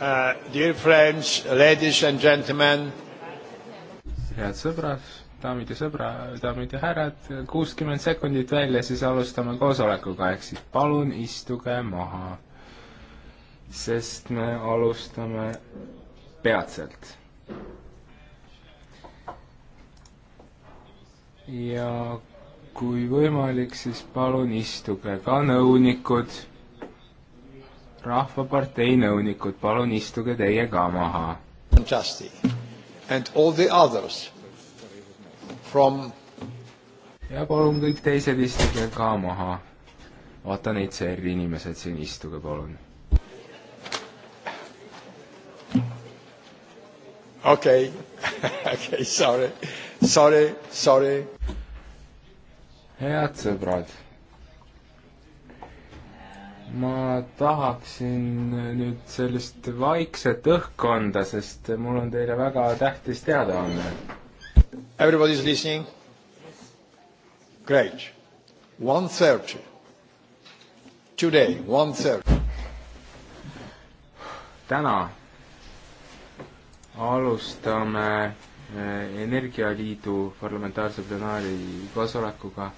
Uh, dear friends, ladies and gentlemen. head sõbrad, daamid ja sõbra, daamid ja härrad, kuuskümmend sekundit välja, siis alustame koosolekuga, ehk siis palun istuge maha, sest me alustame peatselt. ja kui võimalik, siis palun istuge ka nõunikud rahvapartei nõunikud, palun istuge teie ka maha. From... ja palun kõik teised istuge ka maha. vaata neid CR-i inimesed siin, istuge palun. okei, okei, sorry, sorry, sorry. head sõbrad ma tahaksin nüüd sellist vaikset õhkkonda, sest mul on teile väga tähtis teadaanne. Everybody is listening? Great. One thirty. Today, one thirty. täna alustame eh, Energialiidu parlamentaarse plenaari koosolekuga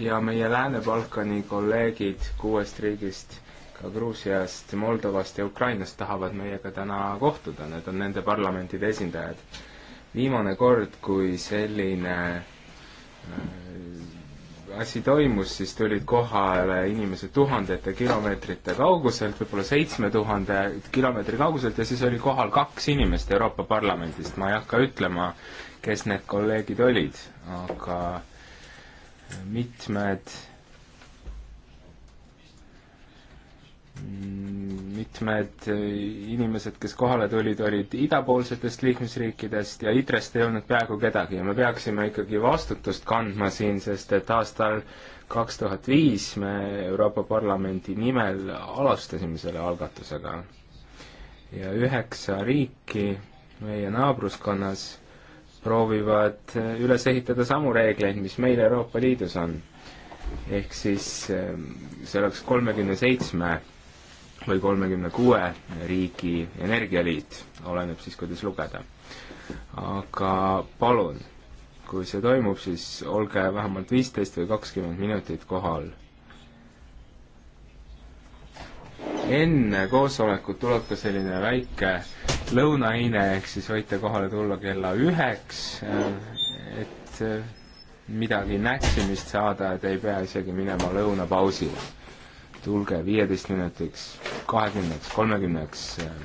ja meie Lääne-Balkani kolleegid kuuest riigist, ka Gruusiast, Moldovast ja Ukrainast tahavad meiega täna kohtuda, need on nende parlamentide esindajad. viimane kord, kui selline äh, asi toimus, siis tulid kohale inimesed tuhandete kilomeetrite kauguselt, võib-olla seitsme tuhande kilomeetri kauguselt ja siis oli kohal kaks inimest Euroopa Parlamendist, ma ei hakka ütlema, kes need kolleegid olid, aga mitmed mitmed inimesed, kes kohale tulid, olid idapoolsetest liikmesriikidest ja ITRE-st ei olnud peaaegu kedagi ja me peaksime ikkagi vastutust kandma siin, sest et aastal kaks tuhat viis me Euroopa Parlamendi nimel alustasime selle algatusega. ja üheksa riiki meie naabruskonnas proovivad eh, üles ehitada samu reegleid, mis meil Euroopa Liidus on. ehk siis eh, see oleks kolmekümne seitsme või kolmekümne kuue riigi energialiit, oleneb siis, kuidas lugeda. aga palun, kui see toimub, siis olge vähemalt viisteist või kakskümmend minutit kohal enne koosolekut tuleb ka selline väike lõunaine, ehk siis võite kohale tulla kella üheks, äh, et äh, midagi näksimist saada, et ei pea isegi minema lõunapausile. tulge viieteist minutiks, kahekümneks, kolmekümneks äh,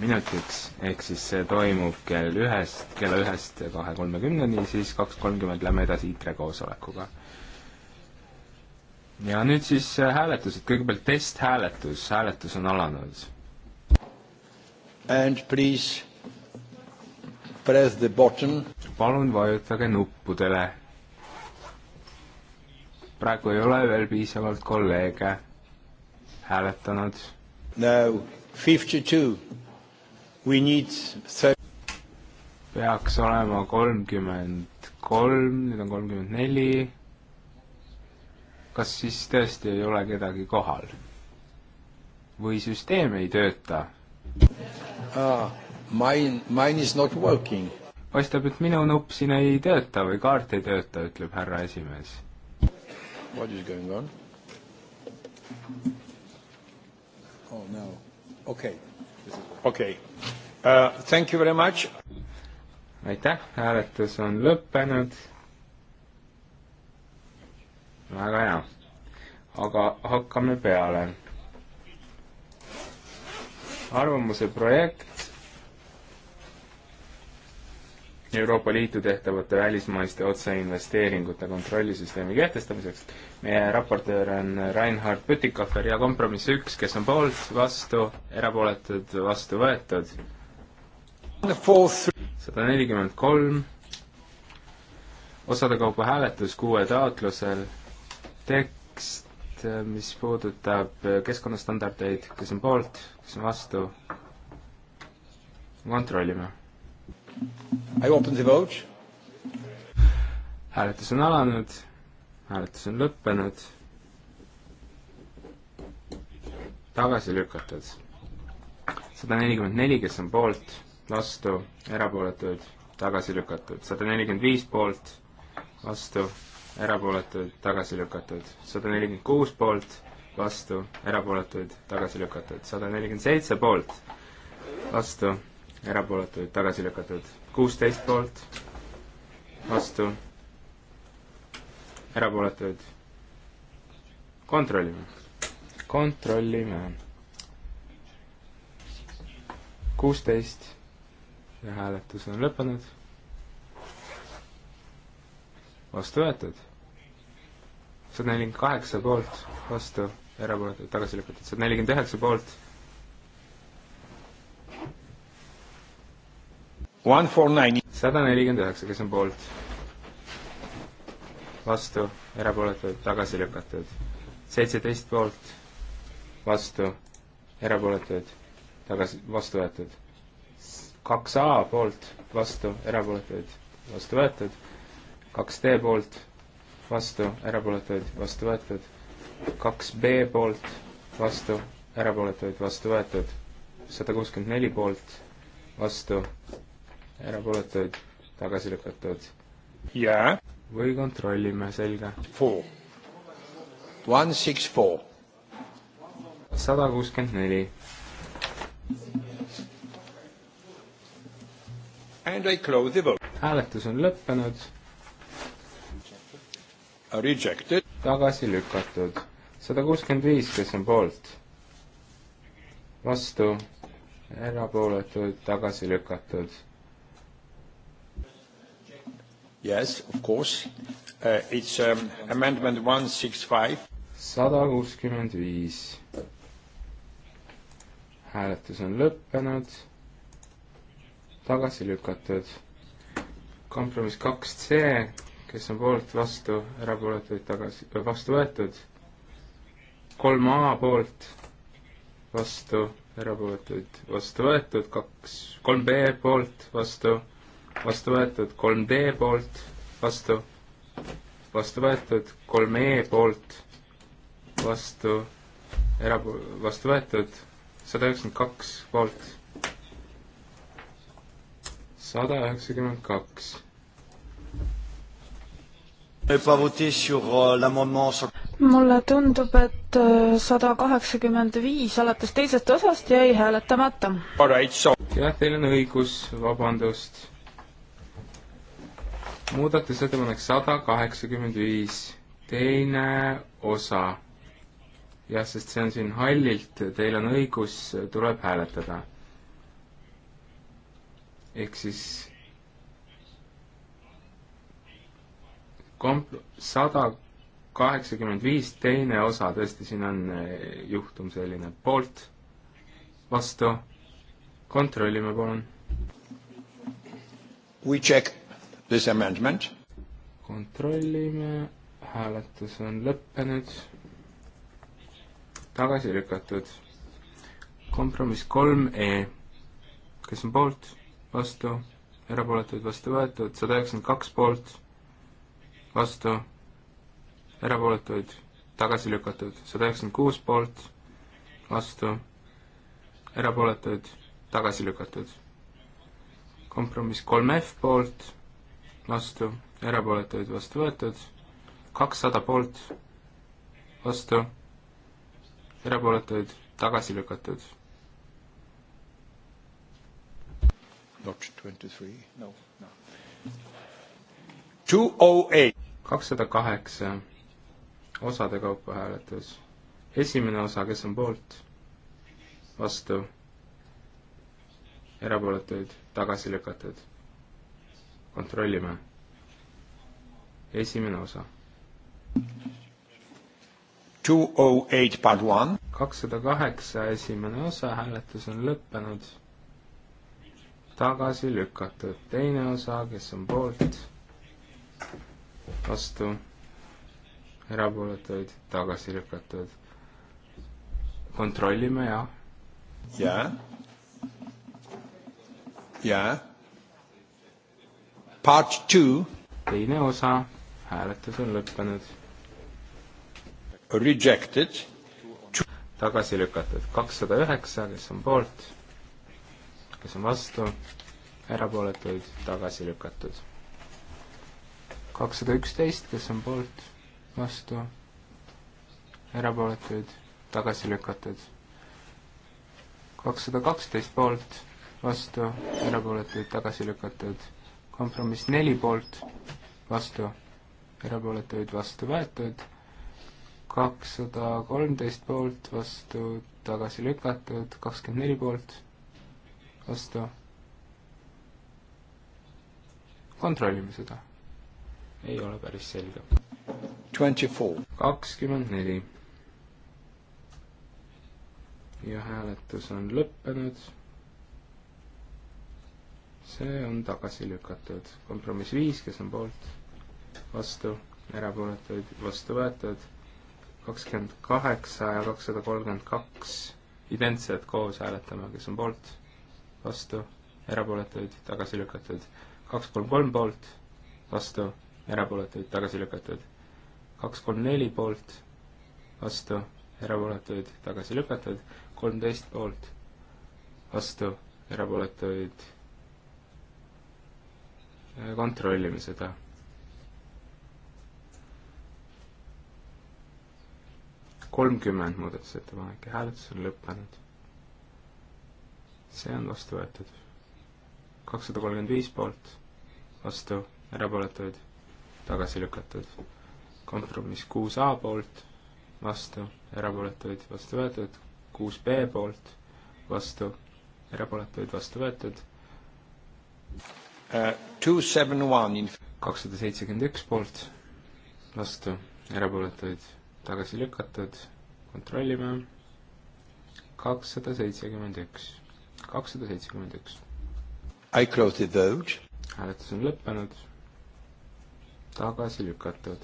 minutiks, ehk siis see toimub kell ühest, kella ühest kahe kolmekümneni, siis kaks kolmkümmend lähme edasi ITRE koosolekuga ja nüüd siis äh, hääletused, kõigepealt testhääletus, hääletus on alanud. And please press the button. palun vajutage nuppudele. praegu ei ole veel piisavalt kolleege hääletanud. Now fifty two, we need peaks olema kolmkümmend kolm, nüüd on kolmkümmend neli kas siis tõesti ei ole kedagi kohal? või süsteem ei tööta ah,? Mine, mine is not working. paistab, et minu nupp siin ei tööta või kaart ei tööta, ütleb härra esimees. What is going on? Oh no, okei okay., okei okay. uh,, thank you very much. aitäh, hääletus on lõppenud väga hea. aga hakkame peale. arvamuse projekt Euroopa Liitu tehtavate välismaiste otseinvesteeringute kontrollisüsteemi kehtestamiseks. meie raportöör on Reinhard Pütikofer ja kompromiss üks, kes on poolt, vastu, erapooletud, vastu võetud. sada nelikümmend kolm, osade kaupa hääletus kuue taotlusel tekst, mis puudutab keskkonnastandardeid, kes on poolt, kes on vastu, kontrollime. hääletus on alanud, hääletus on lõppenud, tagasi lükatud. sada nelikümmend neli, kes on poolt, vastu, erapooletuid, tagasi lükatud. sada nelikümmend viis poolt, vastu erapooletud, tagasi lükatud. sada nelikümmend kuus poolt, vastu, erapooletuid, tagasi lükatud. sada nelikümmend seitse poolt, vastu, erapooletuid, tagasi lükatud. kuusteist poolt, vastu, erapooletuid. kontrollime, kontrollime. kuusteist ja hääletus on lõppenud vastu võetud, sada nelikümmend kaheksa poolt, vastu, erapooletud, tagasi lükatud, sada nelikümmend üheksa poolt. sada nelikümmend üheksa, kes on poolt? vastu, erapooletud, tagasi lükatud. seitseteist poolt, vastu, erapooletud, tagasi, vastu võetud. kaks A poolt, vastu, erapooletud, vastu võetud kaks D poolt, vastu, erapooletuid, vastu võetud. kaks B poolt, vastu, erapooletuid, vastu võetud. sada kuuskümmend neli poolt, vastu, erapooletuid, tagasi lükatud. jaa. või kontrollime, selge. Four. One six four. sada kuuskümmend neli. And I close the vote. hääletus on lõppenud Rejected. tagasi lükatud. sada kuuskümmend viis, kes on poolt? vastu, erapooletud, tagasi lükatud. Yes, of course uh,. It's um, amendment one six five. sada kuuskümmend viis. hääletus on lõppenud, tagasi lükatud. kompromiss kaks C kes on poolt, vastu, erapooletuid tagasi, äh, vastu võetud. kolm A poolt, vastu, erapooletuid vastu võetud, kaks, kolm B poolt, vastu, vastu võetud, kolm D poolt, vastu, vastu võetud, kolm E poolt, vastu, erapo-, vastu võetud, sada üheksakümmend kaks poolt, sada üheksakümmend kaks Euh, mulle tundub, et äh, sada kaheksakümmend viis alates teisest osast jäi hääletamata. jah, teil on õigus, vabandust. muudatusettepanek sada kaheksakümmend viis, teine osa. jah, sest see on siin hallilt, teil on õigus, tuleb hääletada. ehk siis komp-, sada kaheksakümmend viis, teine osa, tõesti, siin on eh, juhtum selline, poolt, vastu, kontrollime palun. We check this amendment. kontrollime, hääletus on lõppenud, tagasi lükatud. kompromiss kolm E, kes on poolt, vastu, erapooletuid vastu võetud, sada üheksakümmend kaks poolt vastu, erapooletuid tagasi lükatud, sada üheksakümmend kuus poolt, vastu, erapooletuid tagasi lükatud. kompromiss kolm F poolt, vastu, erapooletuid vastu võetud, kakssada poolt, vastu, erapooletuid tagasi lükatud. Not twenty three, no, no. two oh eight kakssada kaheksa osade kaupa hääletus. esimene osa, kes on poolt, vastu, erapooletuid, tagasi lükatud. kontrollime. esimene osa. Oh kakssada kaheksa, esimene osa, hääletus on lõppenud. tagasi lükatud, teine osa, kes on poolt, vastu, erapooletuid tagasi lükatud. kontrollime, jah? jaa. jaa. Part two. teine osa, hääletus on lõppenud. Rejected. tagasi lükatud, kakssada üheksa, kes on poolt, kes on vastu, erapooletuid tagasi lükatud kakssada üksteist, kes on poolt, vastu, erapooletuid, tagasi lükatud. kakssada kaksteist poolt, vastu, erapooletuid, tagasi lükatud. kompromiss neli poolt, vastu, erapooletuid, vastu võetud. kakssada kolmteist poolt, vastu, tagasi lükatud, kakskümmend neli poolt, vastu kontrollime seda ei ole päris selge. kakskümmend neli. ja hääletus on lõppenud. see on tagasi lükatud. kompromiss viis, kes on poolt, vastu, erapooletuid, vastu võetud, kakskümmend kaheksa ja kakssada kolmkümmend kaks identsed koos hääletame, kes on poolt, vastu, erapooletuid, tagasi lükatud, kaks, kolm, kolm poolt, vastu erapooletuid tagasi lükatud. kaks, kolm, neli poolt, vastu, erapooletuid tagasi lükatud, kolmteist poolt, vastu, erapooletuid. Äh, kontrollime seda. kolmkümmend muudatusettepanek ja hääletus on lõppenud. see on vastu võetud. kakssada kolmkümmend viis poolt, vastu, erapooletuid tagasi lükatud. kompromiss kuus A poolt, vastu, erapooletuid vastu võetud, kuus B poolt, vastu, erapooletuid vastu võetud uh,. kakssada seitsekümmend üks poolt, vastu, erapooletuid tagasi lükatud, kontrollime, kakssada seitsekümmend üks, kakssada seitsekümmend üks. I close the vote. hääletus on lõppenud tagasi lükatud.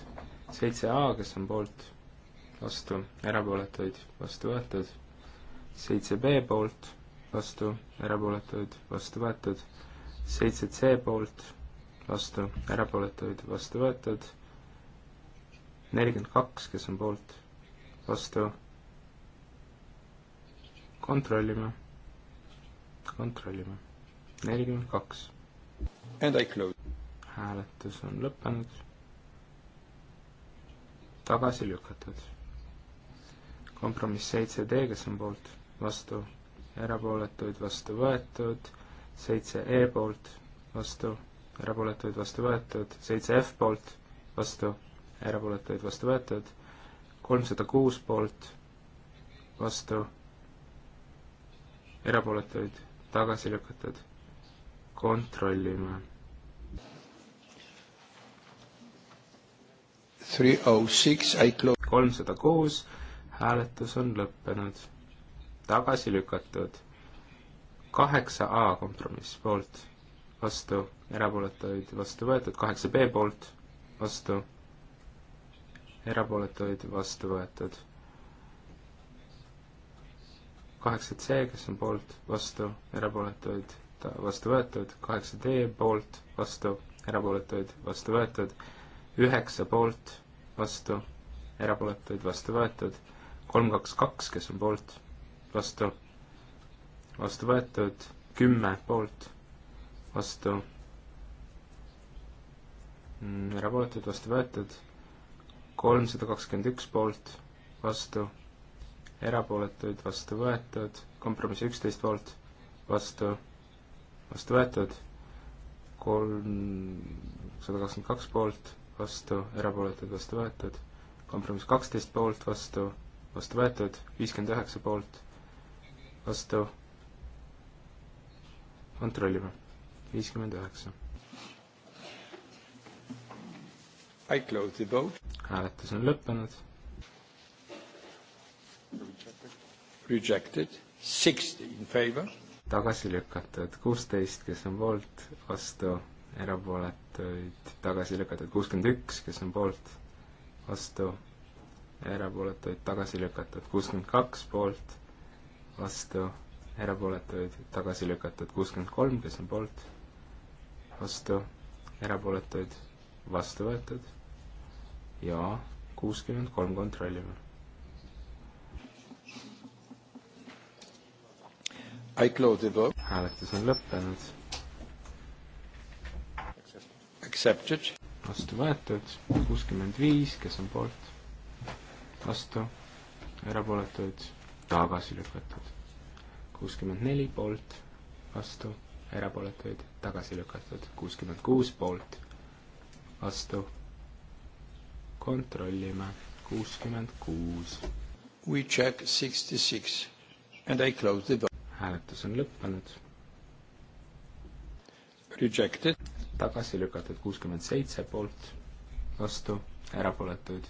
seitse A, kes on poolt, vastu, erapooletuid, vastu võetud. seitse B poolt, vastu, erapooletuid, vastu võetud. seitse C poolt, vastu, erapooletuid, vastu võetud. nelikümmend kaks, kes on poolt, vastu. kontrollime, kontrollime. nelikümmend kaks. And I close hääletus on lõppenud, tagasi lükatud. kompromiss seitse D, kes on poolt, vastu, erapooletuid, vastu võetud, seitse E poolt, vastu, erapooletuid, vastu võetud, seitse F poolt, vastu, erapooletuid, vastu võetud, kolmsada kuus poolt, vastu, erapooletuid, tagasi lükatud. kontrollime kolmsada oh kuus, hääletus on lõppenud, tagasi lükatud. kaheksa A kompromiss poolt, vastu, erapooletuid vastu võetud, kaheksa B poolt, vastu, erapooletuid vastu võetud. kaheksa C, kes on poolt, vastu, erapooletuid vastu võetud, kaheksa D poolt, vastu, erapooletuid vastu võetud üheksa poolt, vastu, erapooletuid vastu võetud, kolm, kaks, kaks, kes on poolt, vastu, vastu võetud, kümme poolt, vastu, mm, erapooletuid vastu võetud, kolmsada kakskümmend üks poolt, vastu, erapooletuid vastu võetud, kompromiss üksteist poolt, vastu, vastu võetud, kolm, sada kakskümmend kaks poolt vastu, erapooletud, vastu võetud. kompromiss kaksteist poolt, vastu, vastu võetud, viiskümmend üheksa poolt, vastu. kontrollime, viiskümmend üheksa. I close the vote. hääletus on lõppenud. Rejected, sixty in favor. tagasi lükatud, kuusteist, kes on poolt, vastu erapooletuid tagasi lükatud kuuskümmend üks, kes on poolt, vastu, erapooletuid tagasi lükatud kuuskümmend kaks poolt, vastu, erapooletuid tagasi lükatud kuuskümmend kolm, kes on poolt, vastu, erapooletuid vastu võetud ja kuuskümmend kolm kontrollime. hääletus on lõppenud accepted. vastu võetud, kuuskümmend viis, kes on poolt, vastu, erapooletuid, tagasi lükatud. kuuskümmend neli poolt, vastu, erapooletuid, tagasi lükatud. kuuskümmend kuus poolt, vastu, kontrollime, kuuskümmend kuus. We check sixty six and I close the vote. hääletus on lõppenud. Rejected tagasi lükatud kuuskümmend seitse poolt, vastu, erapooletuid,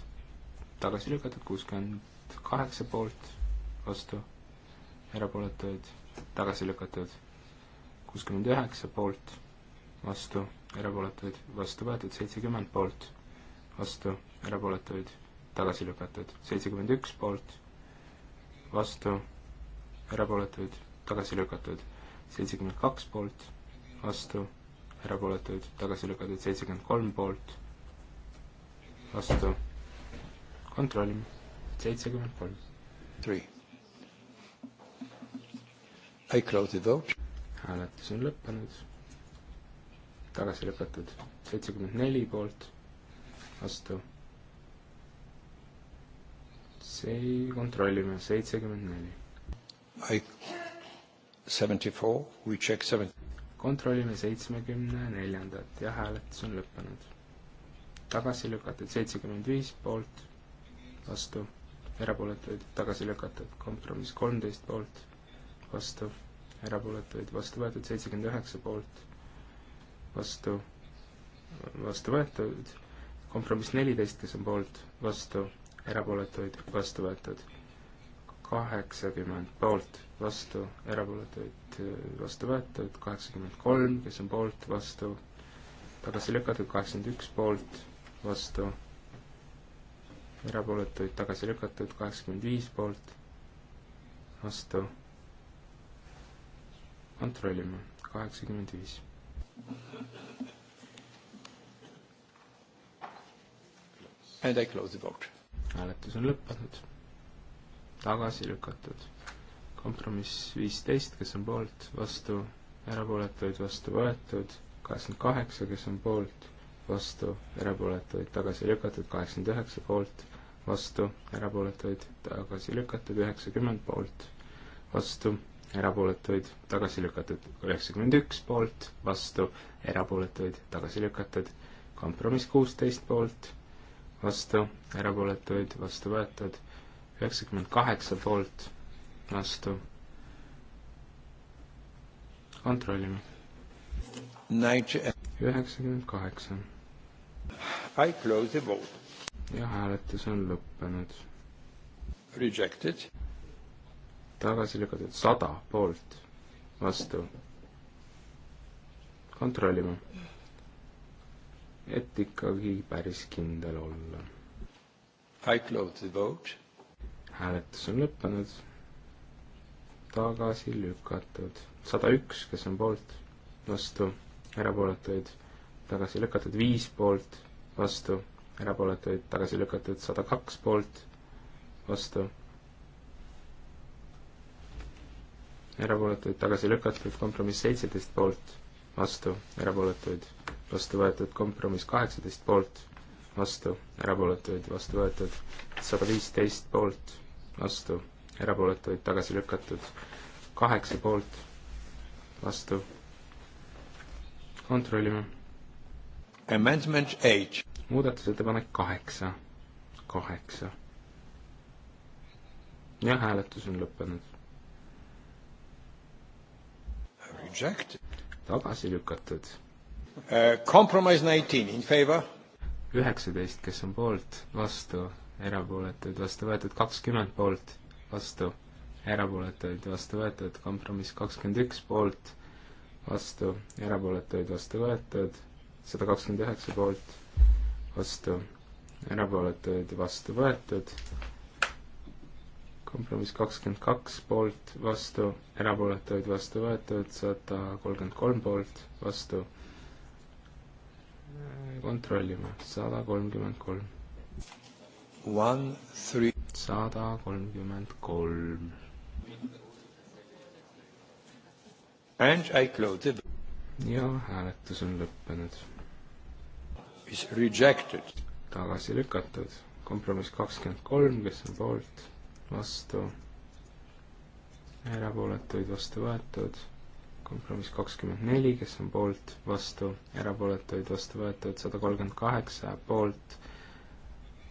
tagasi lükatud kuuskümmend kaheksa poolt, vastu, erapooletuid, tagasi lükatud kuuskümmend üheksa poolt, vastu, erapooletuid, vastu võetud seitsekümmend poolt, vastu, erapooletuid, tagasi lükatud seitsekümmend üks poolt, vastu, erapooletuid, tagasi lükatud seitsekümmend kaks poolt, vastu erapooletuid tagasi lükatud seitsekümmend kolm poolt, vastu, kontrollime, seitsekümmend kolm. Three. I close the vote. hääletus on lõppenud, tagasi lükatud seitsekümmend neli poolt, vastu, see, kontrollime, seitsekümmend neli. I, seventy four, we check seventy kontrollime seitsmekümne neljandat ja hääletus on lõppenud. tagasi lükatud seitsekümmend viis poolt, vastu, erapooletuid tagasi lükatud, kompromiss kolmteist poolt, vastu, erapooletuid vastu võetud seitsekümmend üheksa poolt, vastu, vastu võetud, kompromiss neliteist, kes on poolt, vastu, erapooletuid vastu võetud kaheksakümmend poolt, vastu, erapooletuid äh, vastu võetud, kaheksakümmend kolm, kes on poolt, vastu, tagasi lükatud, kaheksakümmend üks poolt, vastu, erapooletuid tagasi lükatud, kaheksakümmend viis poolt, vastu, kontrollime, kaheksakümmend viis. And I close the vote. hääletus on lõppenud tagasi lükatud. kompromiss viisteist, kes on poolt, vastu, erapooletuid, vastu võetud, kaheksakümmend kaheksa, kes on poolt, vastu, erapooletuid, tagasi lükatud, kaheksakümmend üheksa poolt, vastu, erapooletuid, tagasi lükatud, üheksakümmend poolt, vastu, erapooletuid, tagasi lükatud, üheksakümmend üks poolt, vastu, erapooletuid, tagasi lükatud, kompromiss kuusteist poolt, vastu, erapooletuid, vastu võetud üheksakümmend kaheksa poolt vastu. kontrollime. üheksakümmend kaheksa. I close the vote. ja hääletus on lõppenud. Rejected. tagasi lükatud sada poolt vastu. kontrollime. et ikkagi päris kindel olla. I close the vote hääletus on lõppenud, tagasi lükatud, sada üks, kes on poolt, vastu, erapooletuid, tagasi lükatud, viis poolt, vastu, erapooletuid, tagasi lükatud, sada kaks poolt, vastu erapooletuid tagasi lükatud, kompromiss seitseteist poolt, vastu, erapooletuid, vastu võetud, kompromiss kaheksateist poolt, vastu, erapooletuid, vastu võetud, sada viisteist poolt, vastu, erapooletuid tagasi lükatud, kaheksa poolt, vastu. kontrollime. Amendment H. muudatusettepanek kaheksa, kaheksa. ja hääletus on lõppenud. tagasi lükatud uh,. Compromise nineteen in favor üheksateist, kes on poolt, vastu, erapooletuid vastu võetud, kakskümmend poolt vastu, erapooletuid vastu võetud, kompromiss kakskümmend üks poolt vastu, erapooletuid vastu võetud, sada kakskümmend üheksa poolt vastu, erapooletuid vastu võetud, kompromiss kakskümmend kaks poolt vastu, erapooletuid vastu võetud, sada kolmkümmend kolm poolt vastu, kontrollime, sada kolmkümmend kolm sada kolmkümmend kolm. ja hääletus on lõppenud. tagasi lükatud. kompromiss kakskümmend kolm, kes on poolt, vastu, erapooletuid vastu võetud kompromiss kakskümmend neli, kes on poolt, vastu, erapooletuid vastu võetud, sada kolmkümmend kaheksa poolt,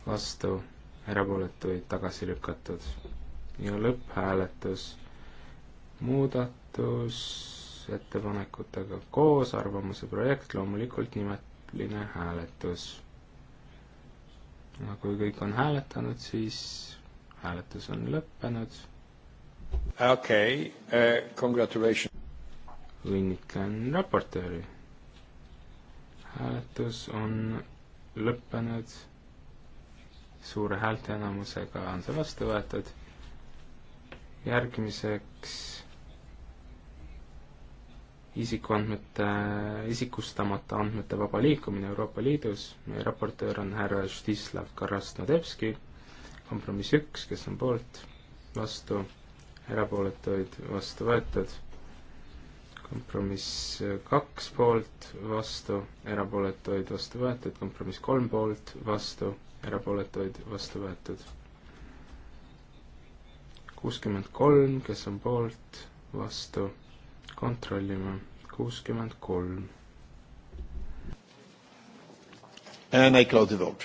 vastu, erapooletuid tagasi lükatud. ja lõpphääletus muudatusettepanekutega koos, arvamuse projekt, loomulikult nimeline hääletus. ja kui kõik on hääletanud, siis hääletus on lõppenud. okei okay, uh,, congratulations. õnnitlen raportööri. hääletus on lõppenud suure häälteenamusega on see vastu võetud. järgmiseks isikuandmete, isikustamata andmete vaba liikumine Euroopa Liidus, meie raportöör on härra Stislav Karasnodebski, kompromiss üks, kes on poolt, vastu, erapooletuid vastu võetud, kompromiss kaks poolt, vastu, erapooletuid vastu võetud, kompromiss kolm poolt, vastu erapooletuid vastu võetud. kuuskümmend kolm, kes on poolt, vastu, kontrollime, kuuskümmend kolm. And I close the vote.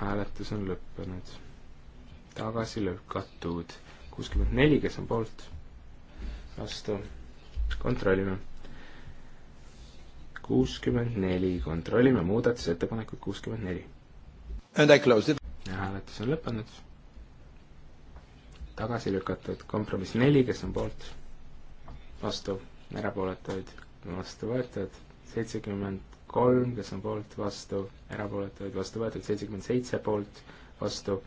hääletus on lõppenud. tagasi lükatud. kuuskümmend neli, kes on poolt, vastu, kontrollime kuuskümmend neli, kontrollime muudatusettepanekut kuuskümmend neli And I close it. hääletus on lõppenud. tagasi lükatud kompromiss neli, kes on poolt, vastu, erapooletuid, vastu võetud, seitsekümmend kolm, kes on poolt, vastu, erapooletuid, vastu võetud, seitsekümmend seitse poolt, vastu,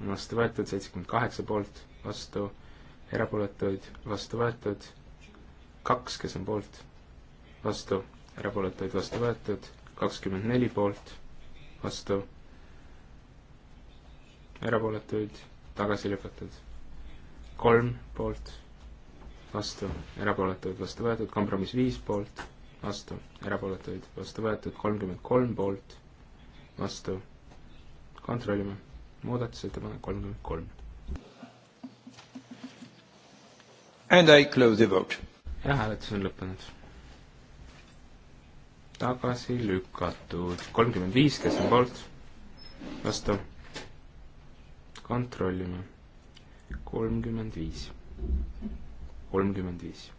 vastu võetud, seitsekümmend kaheksa poolt, vastu, erapooletuid, vastu võetud, kaks, kes on poolt, vastu, erapooletuid vastu võetud, kakskümmend neli poolt, vastu erapooletuid tagasi lükatud. kolm poolt, vastu, erapooletuid vastu võetud, kompromiss viis poolt, vastu, erapooletuid vastu võetud, kolmkümmend kolm poolt, vastu. kontrollime, muudatusettepanek kolmkümmend kolm. And I close the vote. ja hääletus on lõppenud. tagasi lükatud kolmkümmend viis, kes on poolt, vastu kontrollime. kolmkümmend viis, kolmkümmend viis.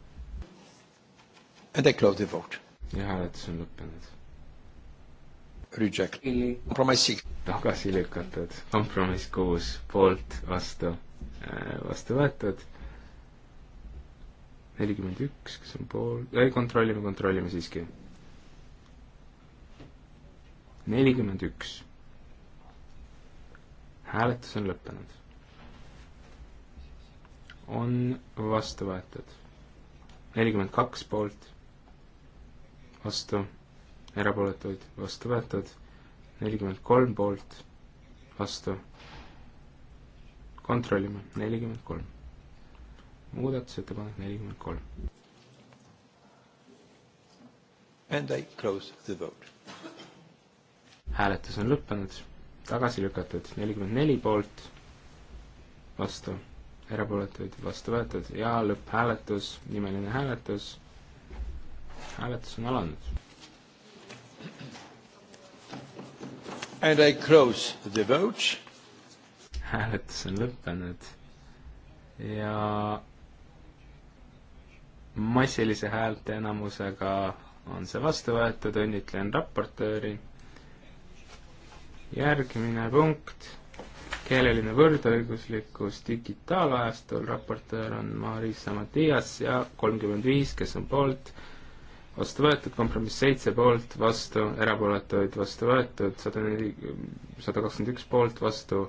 And I close the vote. ja hääletus on lõppenud. Reject. kompromissi. tagasi lükatud, kompromiss kuus, poolt, vastu, äh, vastu võetud nelikümmend üks, kas on pool, ei kontrollime, kontrollime siiski. nelikümmend üks hääletus on lõppenud. on vastu võetud. nelikümmend kaks poolt, vastu, erapooletuid vastu võetud, nelikümmend kolm poolt, vastu. kontrollime, nelikümmend kolm. muudatusettepanek nelikümmend kolm. And I close the vote. hääletus on lõppenud tagasi lükatud, nelikümmend neli poolt, vastu, erapooletuid vastu võetud ja lõpphääletus, nimeline hääletus, hääletus on alanud. And I close the vote. hääletus on lõppenud ja massilise häälteenamusega on see vastu võetud, õnnitlen raportööri järgmine punkt, keeleline võrdõiguslikkus digitaalajastul, raportöör on Marisa Matias ja kolmkümmend viis, kes on poolt, vastu võetud, kompromiss seitse poolt, vastu, erapooletuid vastu võetud, sada neli, sada kakskümmend üks poolt, vastu,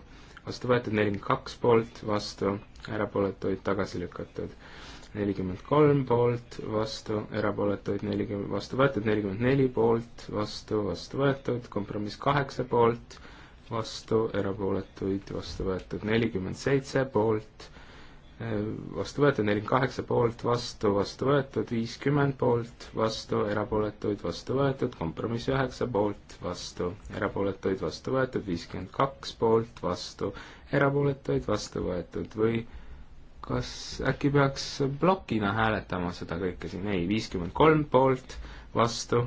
vastu võetud, nelikümmend kaks poolt, vastu, erapooletuid tagasi lükatud nelikümmend kolm poolt, vastu, erapooletuid nelikümmend, vastu võetud, nelikümmend neli poolt, vastu, vastu võetud, kompromiss kaheksa poolt, vastu, erapooletuid, vastu võetud, nelikümmend seitse poolt, eh, vastu võetud, nelikümmend kaheksa poolt, vastu, vastu võetud, viiskümmend poolt, vastu, erapooletuid, vastu võetud, kompromiss üheksa poolt, vastu, erapooletuid, vastu võetud, viiskümmend kaks poolt, vastu, erapooletuid, vastu võetud või kas äkki peaks plokina hääletama seda kõike siin, ei, viiskümmend kolm poolt, vastu,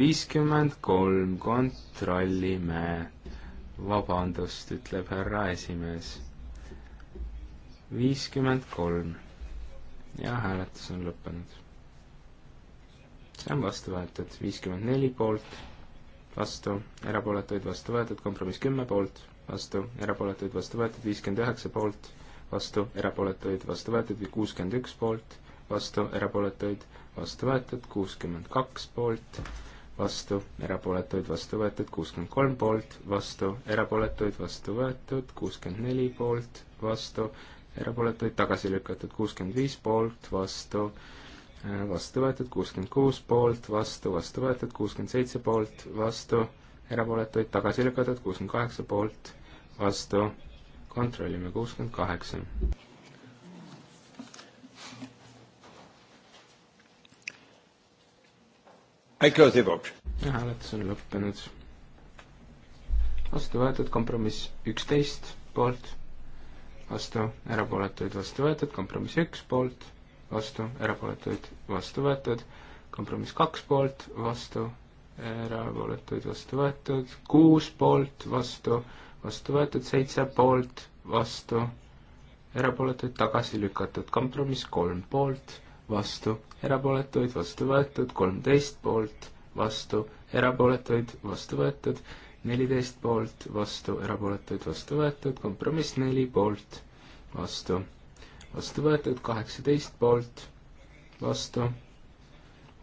viiskümmend kolm, kontrollime. vabandust, ütleb härra esimees. viiskümmend kolm ja hääletus on lõppenud. see on vastu võetud, viiskümmend neli poolt, vastu, erapooletuid vastu võetud, kompromiss kümme poolt, vastu, erapooletuid vastu võetud, viiskümmend üheksa poolt vastu, erapooletuid vastu võetud, kuuskümmend üks poolt, vastu, erapooletuid vastu võetud, kuuskümmend kaks poolt, vastu, erapooletuid vastu võetud, kuuskümmend kolm poolt, vastu, erapooletuid vastu võetud, kuuskümmend neli poolt, vastu, erapooletuid tagasi lükatud, kuuskümmend viis poolt, vastu, äh, vastu võetud, kuuskümmend kuus poolt, vastu, vastu võetud, kuuskümmend seitse poolt, vastu, erapooletuid tagasi lükatud, kuuskümmend kaheksa poolt, vastu, kontrollime kuuskümmend kaheksa. ja hääletus on lõppenud. vastu võetud kompromiss üksteist poolt, vastu erapooletuid vastu võetud, kompromiss üks poolt, vastu erapooletuid vastu võetud, kompromiss kaks poolt, vastu erapooletuid vastu võetud, kuus poolt, vastu vastu võetud, seitse poolt, vastu, erapooletuid tagasi lükatud, kompromiss kolm poolt, vastu, erapooletuid vastu võetud, kolmteist poolt, vastu, erapooletuid vastu võetud, neliteist poolt, vastu, erapooletuid vastu võetud, kompromiss neli poolt, vastu, vastu võetud, kaheksateist poolt, vastu,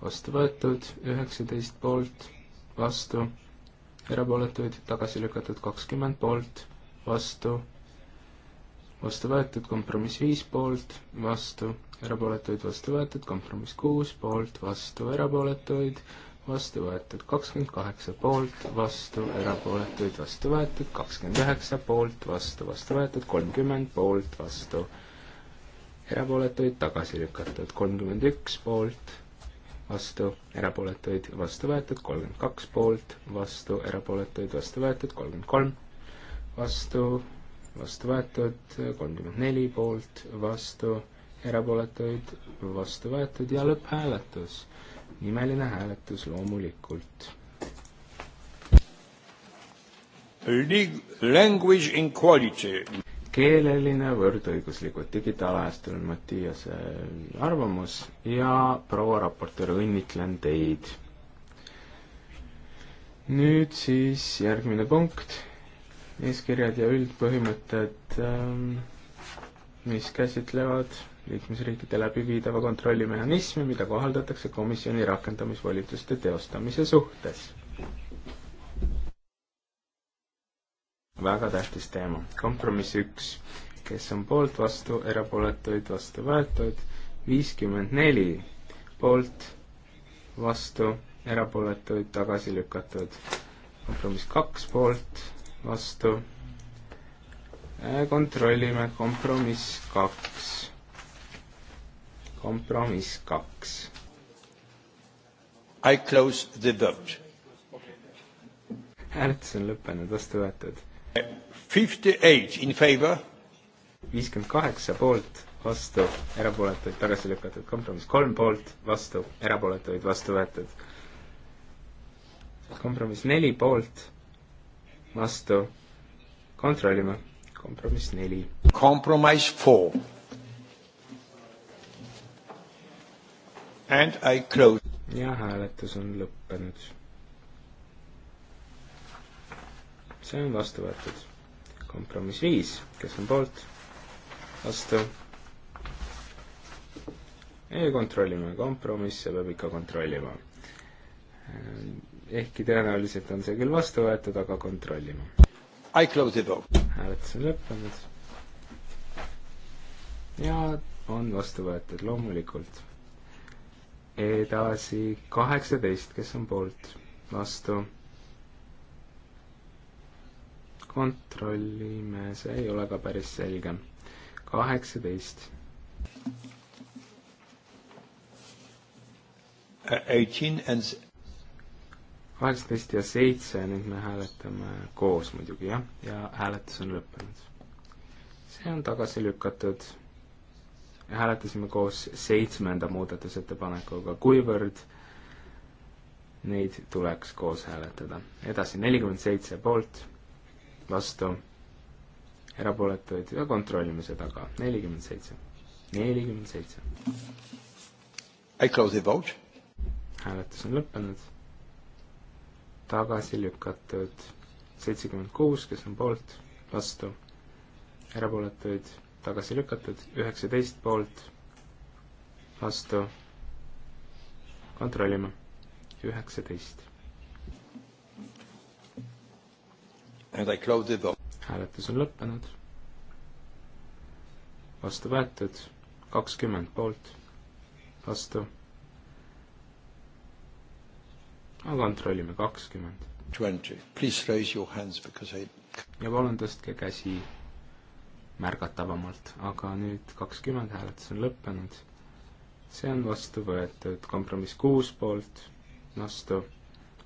vastu võetud, üheksateist poolt, vastu erapooletuid, tagasi lükatud kakskümmend poolt, vastu, vastu võetud, kompromiss viis poolt, vastu, erapooletuid vastu võetud, kompromiss kuus poolt, vastu, erapooletuid, vastu võetud kakskümmend kaheksa poolt, vastu, erapooletuid vastu võetud kakskümmend üheksa poolt, vastu, vastu võetud kolmkümmend poolt, vastu, erapooletuid tagasi lükatud kolmkümmend üks poolt vastu, erapooletuid vastu võetud, kolmkümmend kaks poolt, vastu, erapooletuid vastu võetud, kolmkümmend kolm vastu, vastu võetud, kolmkümmend neli poolt, vastu, erapooletuid vastu võetud ja lõpphääletus. nimeline hääletus loomulikult. Language in quality keeleline võrdõiguslikkus digitaalajastul on Mattiase arvamus ja proua raportöör, õnnitlen teid. nüüd siis järgmine punkt, eeskirjad ja üldpõhimõtted, ähm, mis käsitlevad liikmesriikide läbiviidava kontrollimehhanismi, mida kohaldatakse komisjoni rakendamisvolituste teostamise suhtes väga tähtis teema. kompromiss üks, kes on poolt, vastu, erapooletuid, vastu võetud, viiskümmend neli poolt, vastu, erapooletuid, tagasi lükatud. kompromiss kaks poolt, vastu, äh, kontrollime kompromiss kaks, kompromiss kaks. I close the vote. hääletus on lõppenud, vastu võetud viiskümmend kaheksa poolt, vastu, erapooletuid tagasi lükatud, kompromiss kolm poolt, vastu, erapooletuid vastu võetud. kompromiss neli poolt, vastu, kontrollime, kompromiss neli. Compromise four. And I close. ja hääletus on lõppenud see on vastu võetud. kompromiss viis, kes on poolt, vastu. ei, kontrollime, kompromisse peab ikka kontrollima. ehkki tõenäoliselt on see küll vastu võetud, aga kontrollime. I close the vote. hääletus on lõppenud. ja on vastu võetud, loomulikult. edasi kaheksateist, kes on poolt, vastu kontrollime, see ei ole ka päris selge. kaheksateist. kaheksateist ja seitse, nüüd me hääletame koos muidugi, jah, ja hääletus on lõppenud. see on tagasi lükatud. hääletasime koos seitsmenda muudatusettepanekuga, kuivõrd neid tuleks koos hääletada. edasi nelikümmend seitse poolt vastu, erapooletuid ja kontrollime seda ka, nelikümmend seitse, nelikümmend seitse. I close the vote. hääletus on lõppenud, tagasi lükatud seitsekümmend kuus, kes on poolt, vastu, erapooletuid tagasi lükatud, üheksateist poolt, vastu, kontrollime, üheksateist hääletus on lõppenud. vastu võetud, kakskümmend poolt, vastu. aga kontrollime kakskümmend. Please raise your hands because I ja palun tõstke käsi märgatavamalt, aga nüüd kakskümmend hääletus on lõppenud. see on vastu võetud, kompromiss kuus poolt, vastu,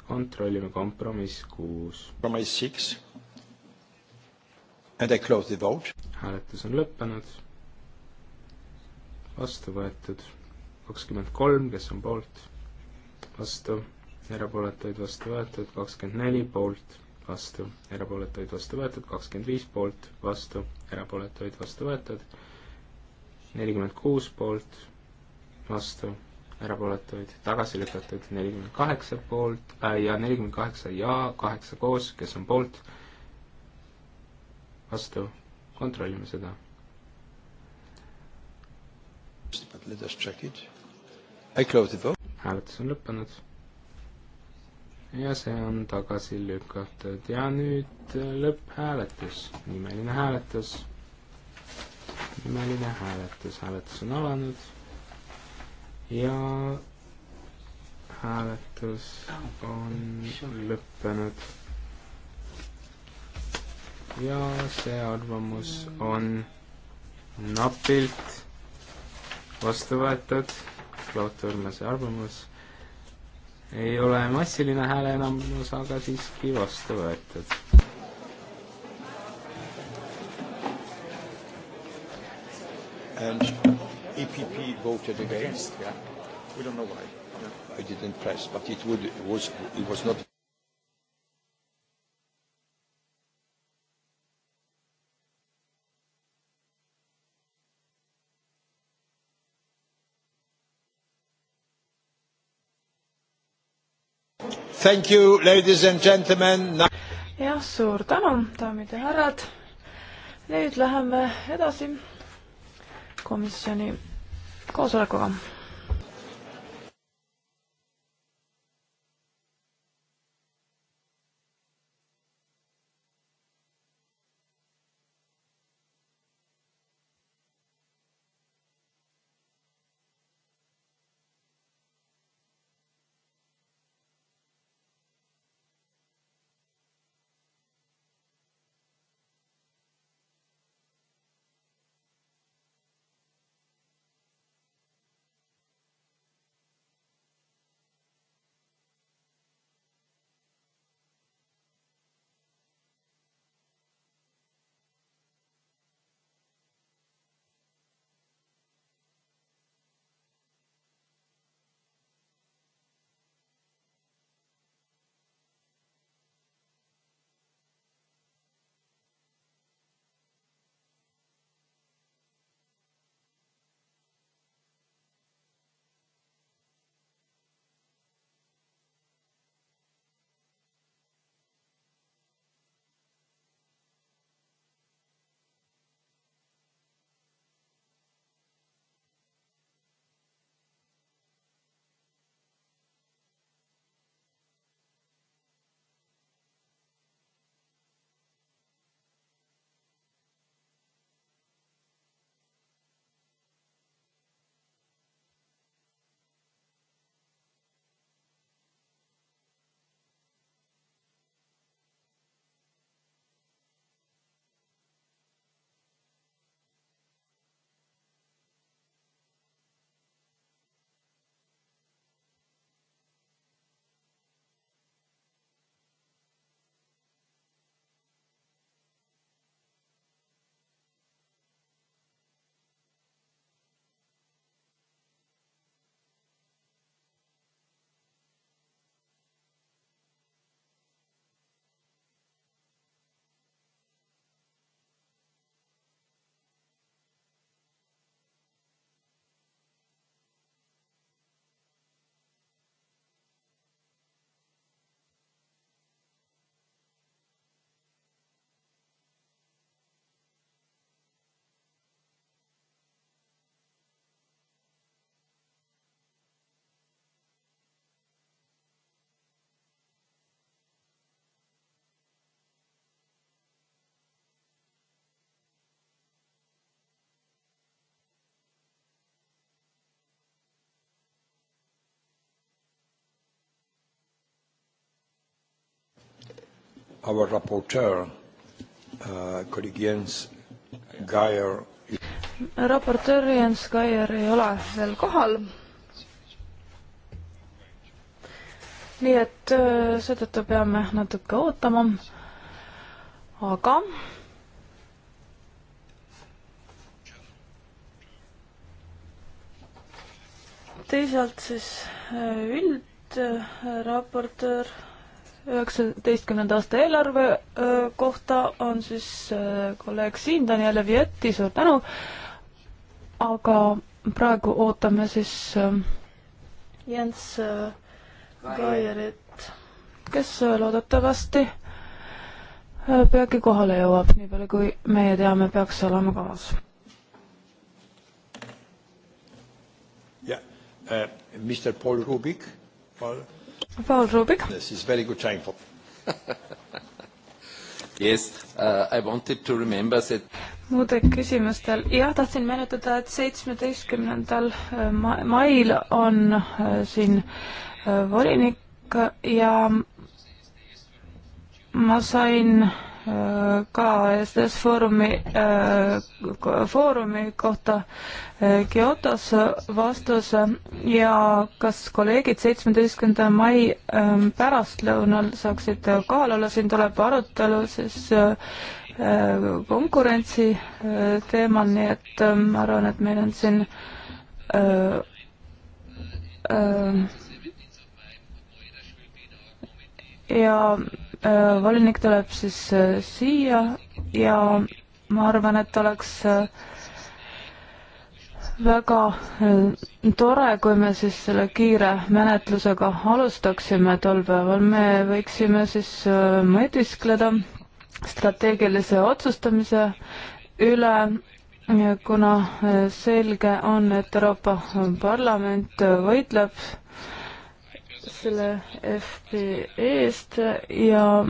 kontrollime kompromiss kuus. kompromiss six. And I close the vote. hääletus on lõppenud. vastu võetud kakskümmend kolm, kes on poolt, vastu, erapooletuid vastu võetud kakskümmend neli, poolt, vastu, erapooletuid vastu võetud kakskümmend viis, poolt, vastu, erapooletuid vastu võetud nelikümmend kuus, poolt, vastu, erapooletuid tagasi lükatud nelikümmend kaheksa poolt äh, ja nelikümmend kaheksa ja kaheksa koos, kes on poolt vastu, kontrollime seda. hääletus on lõppenud. ja see on tagasi lükatud ja nüüd lõpphääletus, nimeline hääletus. nimeline hääletus, hääletus on alanud ja hääletus on lõppenud ja see arvamus on napilt vastu võetud, Claude Urmase arvamus ei ole massiline hääleenamus, aga siiski vastu võetud. And EPP voted against, yeah? We don't know why. Yeah. I didn't press, but it would, it was, it was not Thank you, ladies and gentlemen. jah, suur tänu, daamid ja härrad. nüüd läheme edasi komisjoni koosolekuga. our rapporteur uh,, kolleeg Jens Gaier. raportöör Jens Gaier ei ole veel kohal. nii et äh, seetõttu peame natuke ootama. aga teisalt siis äh, üldraportöör äh, üheksateistkümnenda aasta eelarve kohta on siis kolleeg siin, Daniele Vietti, suur tänu, aga praegu ootame siis Jens Kaierit, kes loodetavasti peagi kohale jõuab, nii palju kui meie teame, peaks olema kavas. jah, äh, Mr Paul Rubik, palun Paul Rubik. This is very good time for Yes, uh, I wanted to remember that muude küsimustel, jah, tahtsin meenutada, et seitsmeteistkümnendal äh, mail on äh, siin äh, volinik ja ma sain ka STS Foorumi, äh, foorumi kohta äh, Kyotos vastuse äh, ja kas kolleegid seitsmeteistkümnenda mai ähm, pärastlõunal saaksid kohal olla, siin tuleb arutelu siis konkurentsi teemal, nii et ma arvan, et meil on siin öö, öö, ja Äh, volinik tuleb siis äh, siia ja ma arvan, et oleks äh, väga tore, kui me siis selle kiire menetlusega alustaksime tol päeval, me võiksime siis mõtiskleda strateegilise otsustamise üle, kuna selge on, et Euroopa Parlament võitleb selle FPE-st ja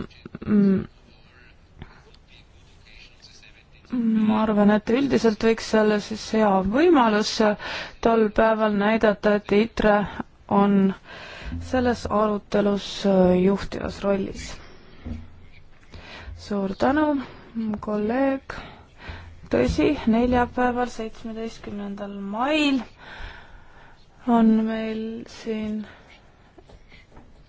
mm, ma arvan, et üldiselt võiks olla siis hea võimalus tol päeval näidata, et ITRE on selles arutelus juhtivas rollis. suur tänu, kolleeg. tõsi, neljapäeval, seitsmeteistkümnendal mail on meil siin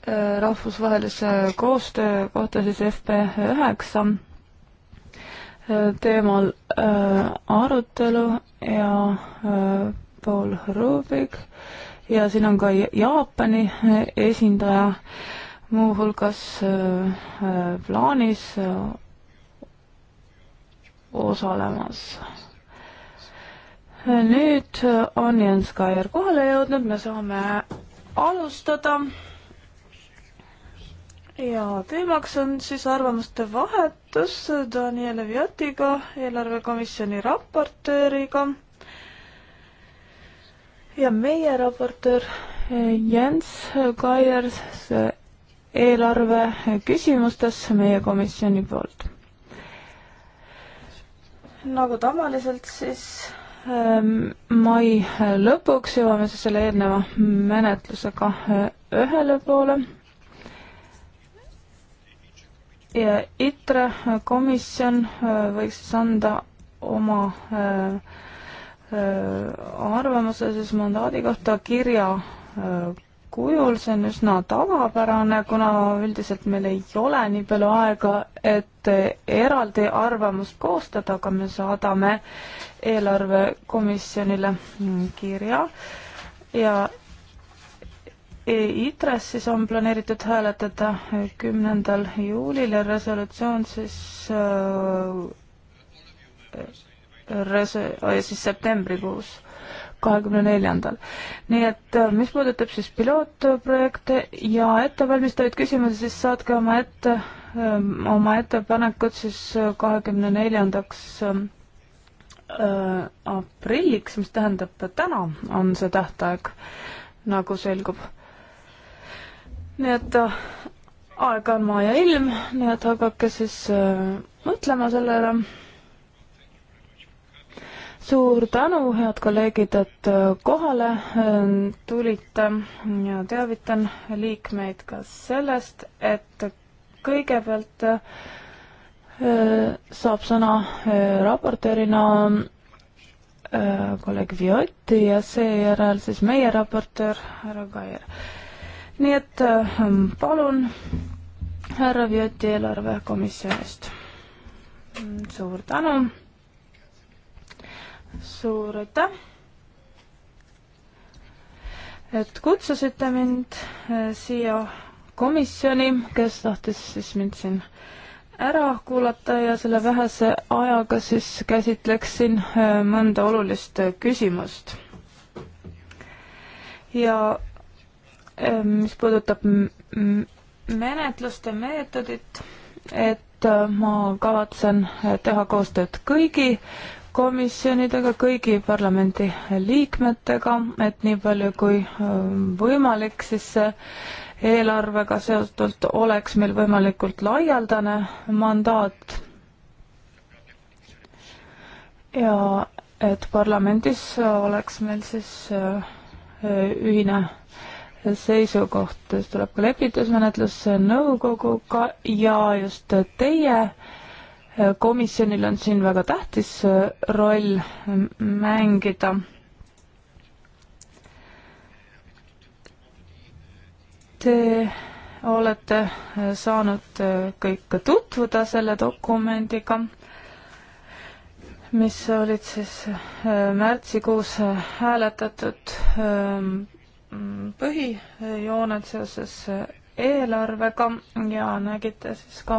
Äh, rahvusvahelise koostöö kohta siis FP üheksa äh, teemal äh, arutelu ja Paul Rubik ja siin on ka Jaapani esindaja muuhulgas plaanis osalemas. nüüd on Jens Kaier kohale jõudnud, me saame alustada ja teemaks on siis arvamuste vahetus Daniel Viotiga, eelarvekomisjoni raportööriga. ja meie raportöör eh, Jens Kaiers eelarve küsimustes meie komisjoni poolt. nagu tavaliselt, siis ehm, mai lõpuks jõuame siis selle eelneva menetlusega eh, ühele poole ja ITRE komisjon äh, võiks siis anda oma äh, äh, arvamuse siis mandaadi kohta kirja kujul, see on üsna tavapärane, kuna üldiselt meil ei ole nii palju aega, et eraldi arvamust koostada, aga me saadame eelarvekomisjonile mm, kirja ja E ITRES siis on planeeritud hääletada kümnendal juulil ja resolutsioon siis äh, äh, res-, siis septembrikuus, kahekümne neljandal. nii et äh, mis puudutab siis pilootprojekte ja ettevalmistavaid küsimusi, siis saatke oma ette, oma ettepanekud siis kahekümne neljandaks aprilliks, mis tähendab, täna on see tähtaeg, nagu selgub nii et äh, aeg on maa ja ilm, nii et hakake siis äh, mõtlema sellele. suur tänu, head kolleegid, et äh, kohale äh, tulite ja teavitan liikmeid ka sellest, et kõigepealt äh, saab sõna äh, raportöörina äh, kolleeg Viotti ja seejärel siis meie raportöör härra Kair äh, nii et ähm, palun, härra Vjoti eelarvekomisjonist. Mm, suur tänu. suur aitäh, et kutsusite mind äh, siia komisjoni, kes tahtis siis mind siin ära kuulata ja selle vähese ajaga siis käsitleksin äh, mõnda olulist küsimust. ja Ehm, mis puudutab menetluste meetodit, et äh, ma kavatsen äh, teha koostööd kõigi komisjonidega, kõigi parlamendi liikmetega, et nii palju kui äh, võimalik, siis eelarvega seotult oleks meil võimalikult laialdane mandaat. ja et parlamendis oleks meil siis ühine äh, seisukoht tuleb ka lepitusmenetlusse nõukoguga ja just teie eh, komisjonil on siin väga tähtis eh, roll mängida. Te olete eh, saanud kõik tutvuda selle dokumendiga mis olid siis märtsikuus hääletatud ehm, põhijooned seoses eelarvega ja nägite siis ka,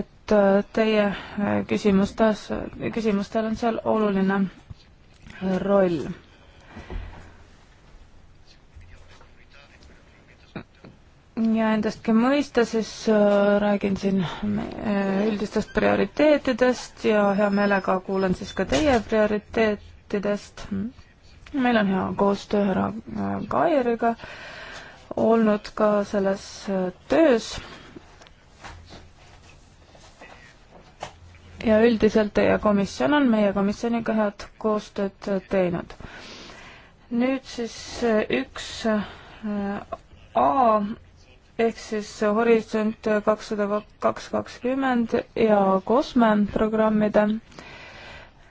et äh, teie äh, küsimustes, küsimustel on seal oluline roll. ja endastki mõista, siis äh, räägin siin üldistest prioriteetidest ja hea meelega kuulan siis ka teie prioriteetidest mm meil on hea koostöö härra äh, Kairiga olnud ka selles äh, töös. ja üldiselt teie komisjon on meie komisjoniga head koostööd äh, teinud. nüüd siis üks A ehk siis Horisont kakssada kaks kakskümmend ja Kosme programmide äh,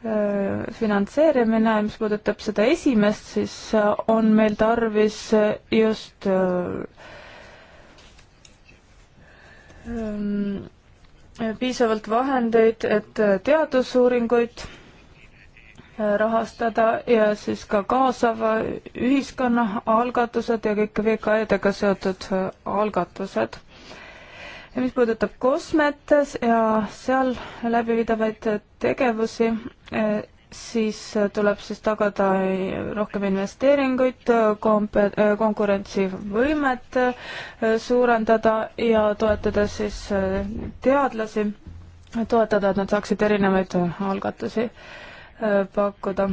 Äh, finantseerimine, mis puudutab seda esimest, siis äh, on meil tarvis äh, just ähm, piisavalt vahendeid, et teadusuuringuid rahastada ja siis ka kaasava ühiskonna algatused ja kõik VKE-dega seotud algatused ja mis puudutab kosmet ja seal läbiviidavaid tegevusi, eh, siis tuleb siis tagada rohkem investeeringuid, kompe-, eh, konkurentsivõimet eh, suurendada ja toetada siis teadlasi, toetada, et nad saaksid erinevaid algatusi pakkuda.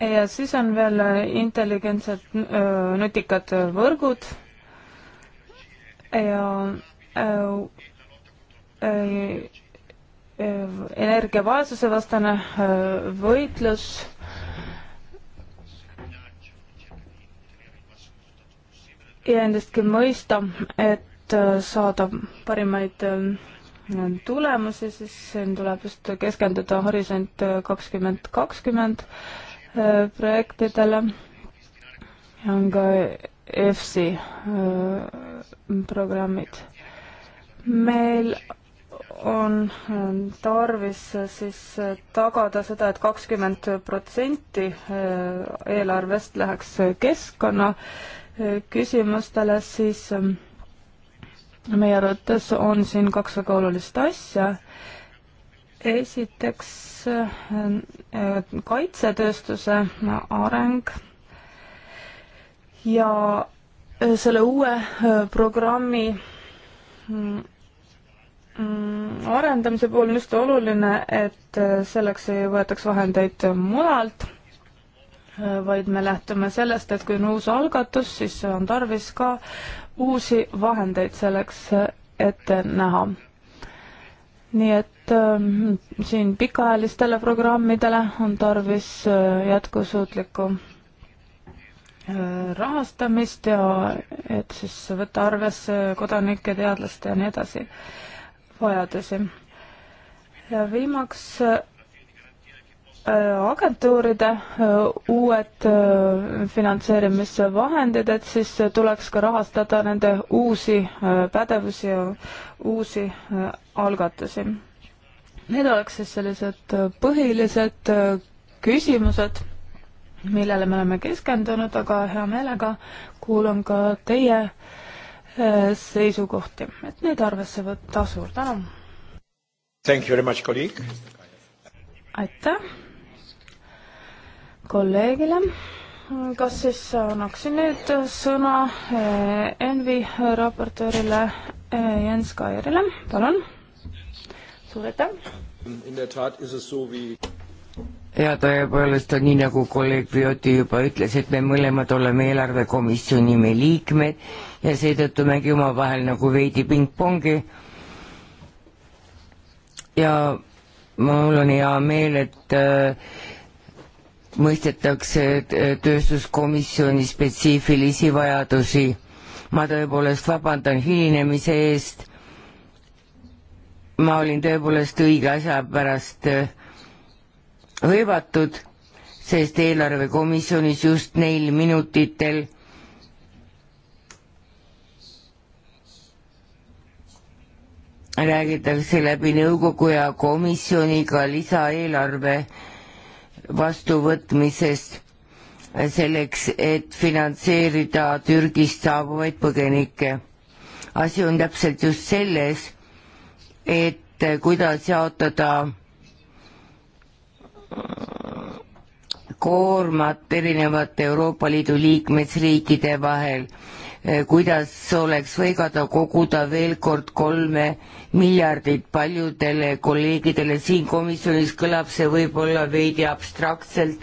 ja siis on veel intelligentsed nutikad võrgud ja Äh, äh, energiavaesuse vastane äh, võitlus ja endastki mõista, et saada parimaid tulemusi, siis siin tuleb just keskenduda Horisont kakskümmend kakskümmend projektidele. on ka EFSI programmid meil on ähm, tarvis äh, siis äh, tagada seda et, et kakskümmend protsenti äh, eelarvest läheks keskkonna küsimustele, siis ähm, meie arvates on siin kaks väga olulist asja. esiteks kaitsetööstuse areng ja selle uue programmi mm, Mm, arendamise puhul on just oluline, et äh, selleks ei võetaks vahendeid mujalt, äh, vaid me lähtume sellest, et kui on uus algatus, siis on tarvis ka uusi vahendeid selleks äh, ette näha. nii et äh, siin pikaajalistele programmidele on tarvis äh, jätkusuutlikku rahastamist ja et siis võtta arvesse kodanike, teadlaste ja nii edasi äh, vajadusi. ja viimaks äh, agentuuride äh, uued äh, finantseerimisvahendid, et siis tuleks ka rahastada nende uusi pädevusi ja uusi algatusi. Need oleks siis sellised põhilised küsimused, millele me oleme keskendunud, aga hea meelega kuulan ka teie äh, Äh, seisukohti, et need arvesse võtta, suur tänu! aitäh kolleegile, kas siis annaksin nüüd sõna äh, Envi raportöörile äh, Jens Kairile, palun, suur aitäh! ja tõepoolest on nii, nagu kolleeg Vioti juba ütles, et me mõlemad oleme eelarvekomisjoni me liikmed ja seetõttu mängime omavahel nagu veidi pingpongi. ja mul on hea meel, et äh, mõistetakse äh, tööstuskomisjoni spetsiifilisi vajadusi. ma tõepoolest vabandan hilinemise eest. ma olin tõepoolest õige asja pärast äh, hõivatud, sest eelarvekomisjonis just neil minutitel räägitakse läbi nõukogu ja komisjoniga lisaeelarve vastuvõtmisest selleks, et finantseerida Türgist saabuvaid põgenikke. asi on täpselt just selles, et kuidas jaotada koormat erinevate Euroopa Liidu liikmesriikide vahel, kuidas oleks võigada koguda veel kord kolme miljardit paljudele kolleegidele siin komisjonis kõlab see võib-olla veidi abstraktselt,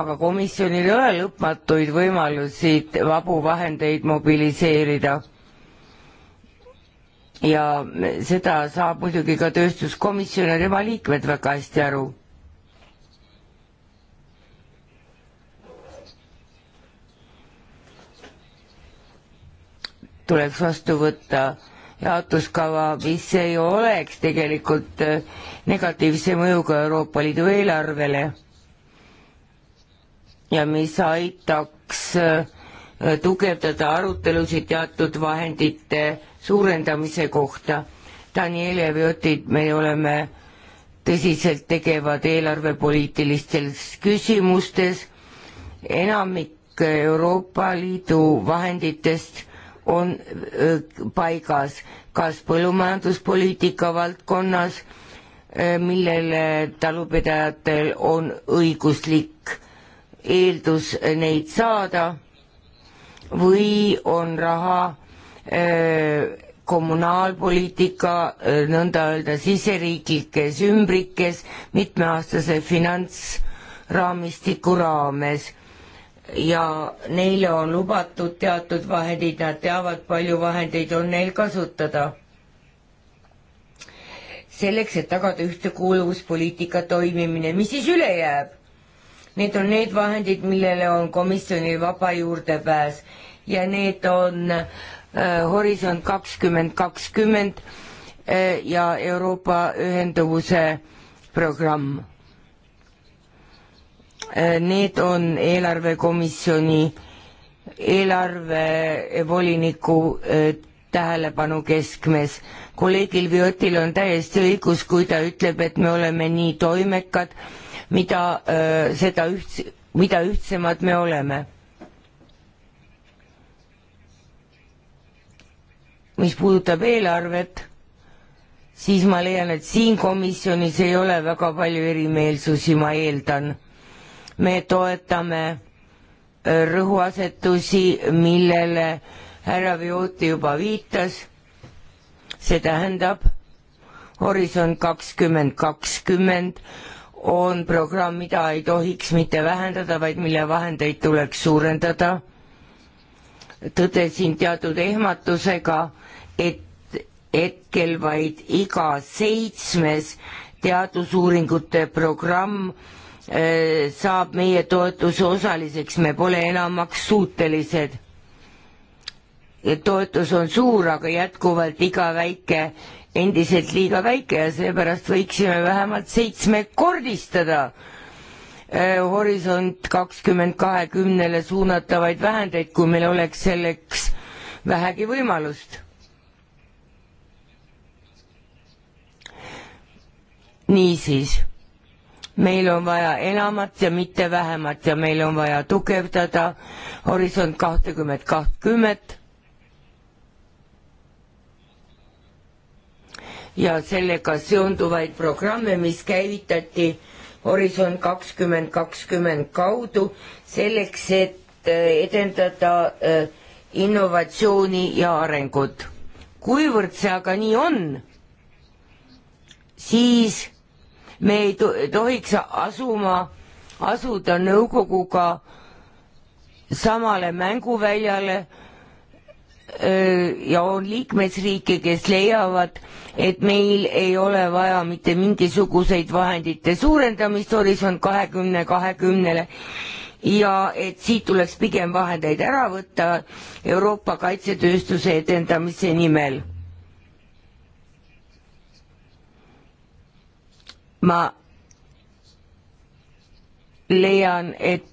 aga komisjonil ei ole lõpmatuid võimalusi vabu vahendeid mobiliseerida. ja seda saab muidugi ka tööstuskomisjon ja tema liikmed väga hästi aru tuleks vastu võtta jaotuskava, mis ei oleks tegelikult äh, negatiivse mõjuga Euroopa Liidu eelarvele ja mis aitaks äh, tugevdada arutelusid teatud vahendite suurendamise kohta. Daniele Viotit me oleme tõsiselt tegevad eelarvepoliitilistes küsimustes, enamik Euroopa Liidu vahenditest on äh, paigas, kas põllumajanduspoliitika valdkonnas, äh, millele talupidajatel on õiguslik eeldus neid saada või on raha äh, kommunaalpoliitika nõnda öelda siseriiklikes ümbrikes mitmeaastase finantsraamistiku raames ja neile on lubatud teatud vahendid, nad teavad, palju vahendeid on neil kasutada. selleks, et tagada ühtekuuluvuspoliitika toimimine, mis siis üle jääb? Need on need vahendid, millele on komisjonil vaba juurdepääs ja need on äh, Horisont kakskümmend kakskümmend äh, ja Euroopa ühenduvuse programm Äh, need on eelarvekomisjoni eelarvevoliniku äh, tähelepanu keskmes. kolleegil Viotil on täiesti õigus, kui ta ütleb, et me oleme nii toimekad, mida öö, äh, seda üht-, mida ühtsemad me oleme. mis puudutab eelarvet, siis ma leian, et siin komisjonis ei ole väga palju erimeelsusi, ma eeldan me toetame äh, rõhuasetusi, millele härra Vioti juba viitas, see tähendab, Horisont kakskümmend kakskümmend on programm, mida ei tohiks mitte vähendada, vaid mille vahendeid tuleks suurendada. tõdesin teatud ehmatusega, et hetkel vaid iga seitsmes teadusuuringute programm Äh, saab meie toetuse osaliseks, me pole enamaks suutelised. toetus on suur, aga jätkuvalt iga väike, endiselt liiga väike ja seepärast võiksime vähemalt seitsmekordistada äh, Horisont kakskümmend kahekümnele suunatavaid vahendeid, kui meil oleks selleks vähegi võimalust niisiis, meil on vaja enamat ja mitte vähemat ja meil on vaja tugevdada Horisont kahtekümmet kahtkümmet. ja sellega seonduvaid programme, mis käivitati Horisont kakskümmend kakskümmend kaudu selleks, et äh, edendada äh, innovatsiooni ja arengut. kuivõrd see aga nii on, siis me ei tohiks asuma, asuda nõukoguga samale mänguväljale ja on liikmesriike, kes leiavad, et meil ei ole vaja mitte mingisuguseid vahendite suurendamist horisont kahekümne kahekümnele ja et siit tuleks pigem vahendeid ära võtta Euroopa kaitsetööstuse edendamise nimel ma leian, et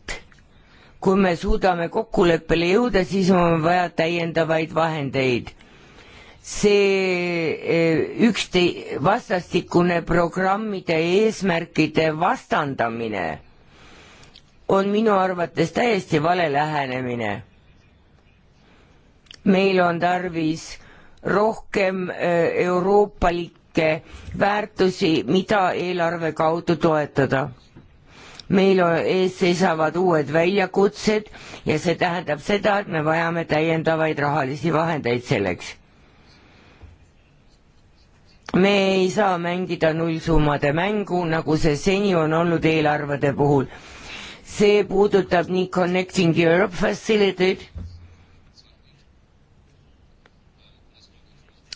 kui me suudame kokkuleppele jõuda, siis on vaja täiendavaid vahendeid. see eh, ükste-, vastastikune programmide eesmärkide vastandamine on minu arvates täiesti vale lähenemine. meil on tarvis rohkem eh, euroopalik kõiki väärtusi, mida eelarve kaudu toetada. meil ees seisavad uued väljakutsed ja see tähendab seda, et me vajame täiendavaid rahalisi vahendeid selleks. me ei saa mängida nullsummade mängu, nagu see seni on olnud eelarvede puhul. see puudutab nii Connecting Europe Facility'd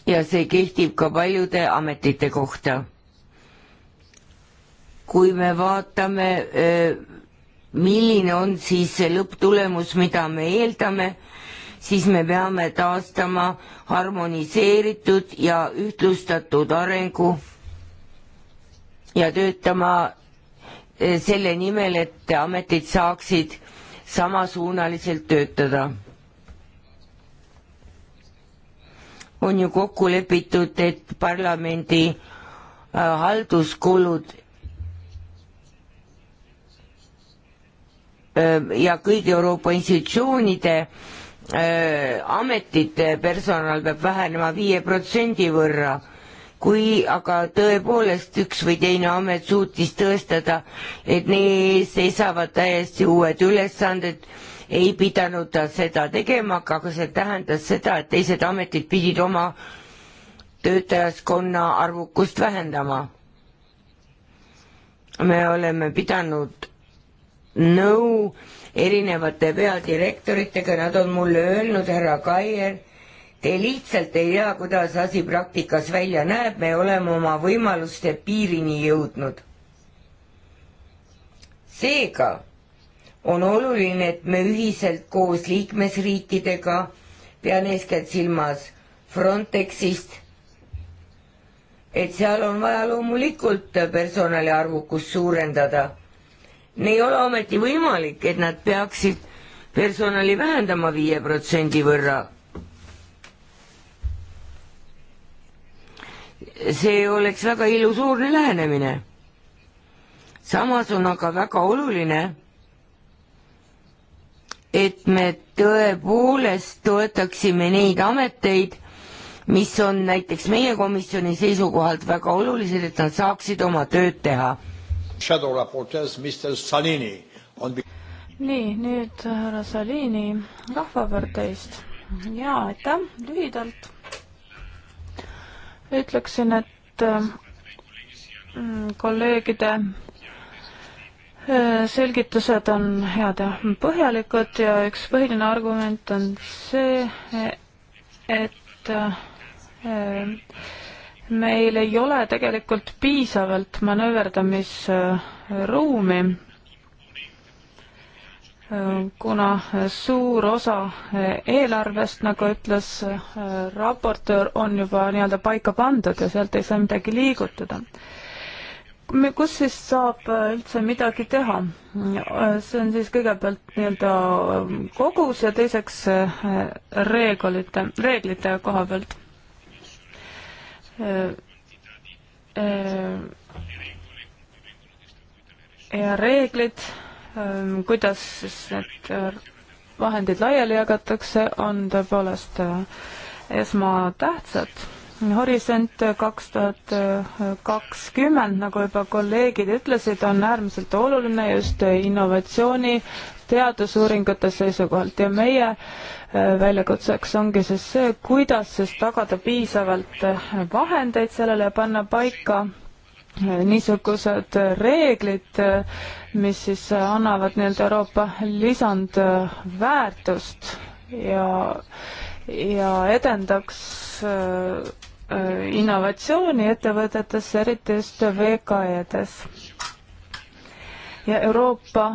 ja see kehtib ka paljude ametite kohta. kui me vaatame, äh, milline on siis see lõpptulemus, mida me eeldame, siis me peame taastama harmoniseeritud ja ühtlustatud arengu ja töötama äh, selle nimel, et ametid saaksid samasuunaliselt töötada on ju kokku lepitud, et parlamendi äh, halduskulud äh, ja kõigi Euroopa institutsioonide äh, ametite personal peab vähenema viie protsendi võrra kui aga tõepoolest üks või teine amet suutis tõestada, et neie ees seisavad täiesti uued ülesanded, ei pidanud ta seda tegema, aga see tähendas seda, et teised ametid pidid oma töötajaskonna arvukust vähendama. me oleme pidanud nõu erinevate peadirektoritega, nad on mulle öelnud, härra Kaier, te lihtsalt ei tea, kuidas asi praktikas välja näeb, me oleme oma võimaluste piirini jõudnud. seega on oluline, et me ühiselt koos liikmesriikidega, pean eeskätt silmas Frontexist, et seal on vaja loomulikult personali arvukust suurendada. ei ole ometi võimalik, et nad peaksid personali vähendama viie protsendi võrra. see oleks väga illusoorne lähenemine. samas on aga väga oluline et me tõepoolest toetaksime neid ameteid, mis on näiteks meie komisjoni seisukohalt väga olulised, et nad saaksid oma tööd teha. nii, nüüd härra Salini Rahvaparteist. jaa, aitäh, lühidalt ütleksin, et mm, kolleegide Äh, selgitused on head ja põhjalikud ja üks põhiline argument on see, et äh, meil ei ole tegelikult piisavalt manööverdamisruumi, äh, kuna suur osa eelarvest, nagu ütles raportöör, on juba nii-öelda paika pandud ja sealt ei saa midagi liigutada kus siis saab äh, üldse midagi teha? Äh, see on siis kõigepealt nii-öelda äh, kogus ja teiseks reeglite, reeglite koha pealt. ja reeglid, kuidas siis need vahendid laiali jagatakse, on tõepoolest esmatähtsad Horisont kaks tuhat kakskümmend, nagu juba kolleegid ütlesid, on äärmiselt oluline just innovatsiooni teadusuuringute seisukohalt ja meie äh, väljakutseks ongi siis see, kuidas siis tagada piisavalt äh, vahendeid sellele ja panna paika äh, niisugused reeglid, mis siis annavad nii-öelda Euroopa lisandväärtust ja, ja edendaks Äh, innovatsiooni ettevõtetes, eriti just VKE-des. ja Euroopa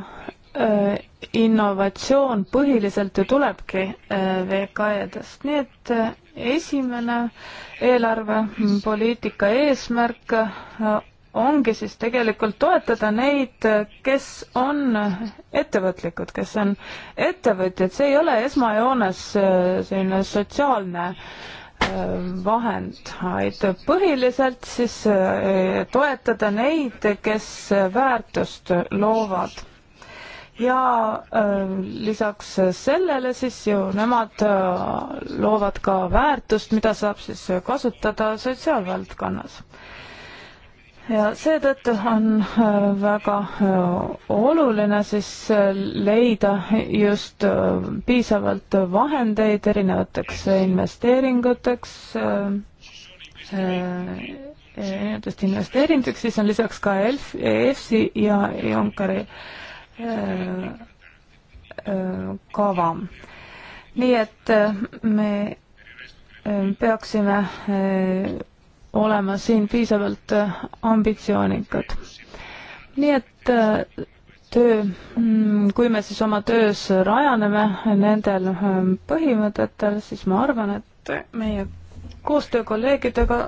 äh, innovatsioon põhiliselt ju tulebki äh, VKE-dest, nii et esimene eelarvepoliitika mm, eesmärk ongi siis tegelikult toetada neid, kes on ettevõtlikud, kes on ettevõtjad, see ei ole esmajoones selline sotsiaalne äh, vahend aitab põhiliselt siis eh, toetada neid, kes väärtust loovad. ja eh, lisaks sellele siis ju nemad eh, loovad ka väärtust, mida saab siis kasutada sotsiaalvaldkonnas ja seetõttu on äh, väga äh, oluline siis äh, leida just piisavalt vahendeid erinevateks investeeringuteks, erinevatest investeeringuteks, siis on lisaks ka ELF, EFSI ja Junkeri kava. nii et me peaksime olema siin piisavalt äh, ambitsioonikad. nii et äh, töö, mm, kui me siis oma töös rajaneme nendel ähm, põhimõtetel, siis ma arvan, et meie koostöö kolleegidega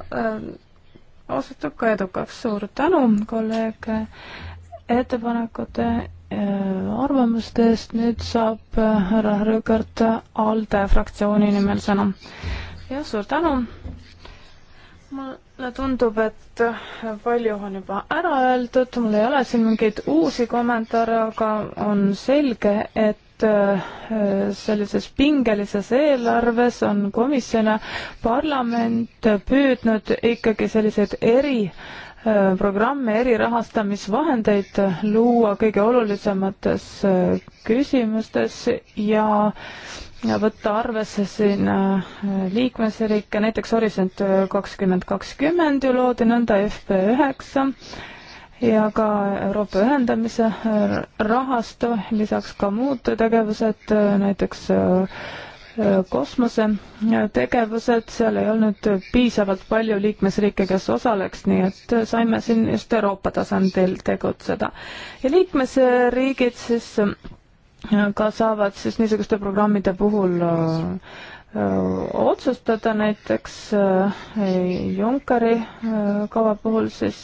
osutub äh, ka edukaks. suur tänu, kolleeg, ettepanekute arvamuste eest. nüüd saab härra Rõõgart ALDE fraktsiooni nimel sõna. jah, suur tänu, mulle tundub, et palju on juba ära öeldud, mul ei ole siin mingeid uusi kommentaare, aga on selge, et äh, sellises pingelises eelarves on komisjon ja parlament püüdnud ikkagi selliseid eri äh, programme, erirahastamisvahendeid luua kõige olulisemates äh, küsimustes ja äh, ja võtta arvesse siin äh, liikmesriike, näiteks Horisont kakskümmend kakskümmend ju loodi nõnda FP üheksa ja ka Euroopa ühendamise äh, rahastu, lisaks ka muud tegevused, äh, näiteks kosmosetegevused, seal ei olnud piisavalt palju liikmesriike, kes osaleks, nii et saime siin just Euroopa tasandil tegutseda. ja liikmesriigid siis ka saavad siis niisuguste programmide puhul äh, äh, otsustada näiteks äh, Junckeri kava puhul siis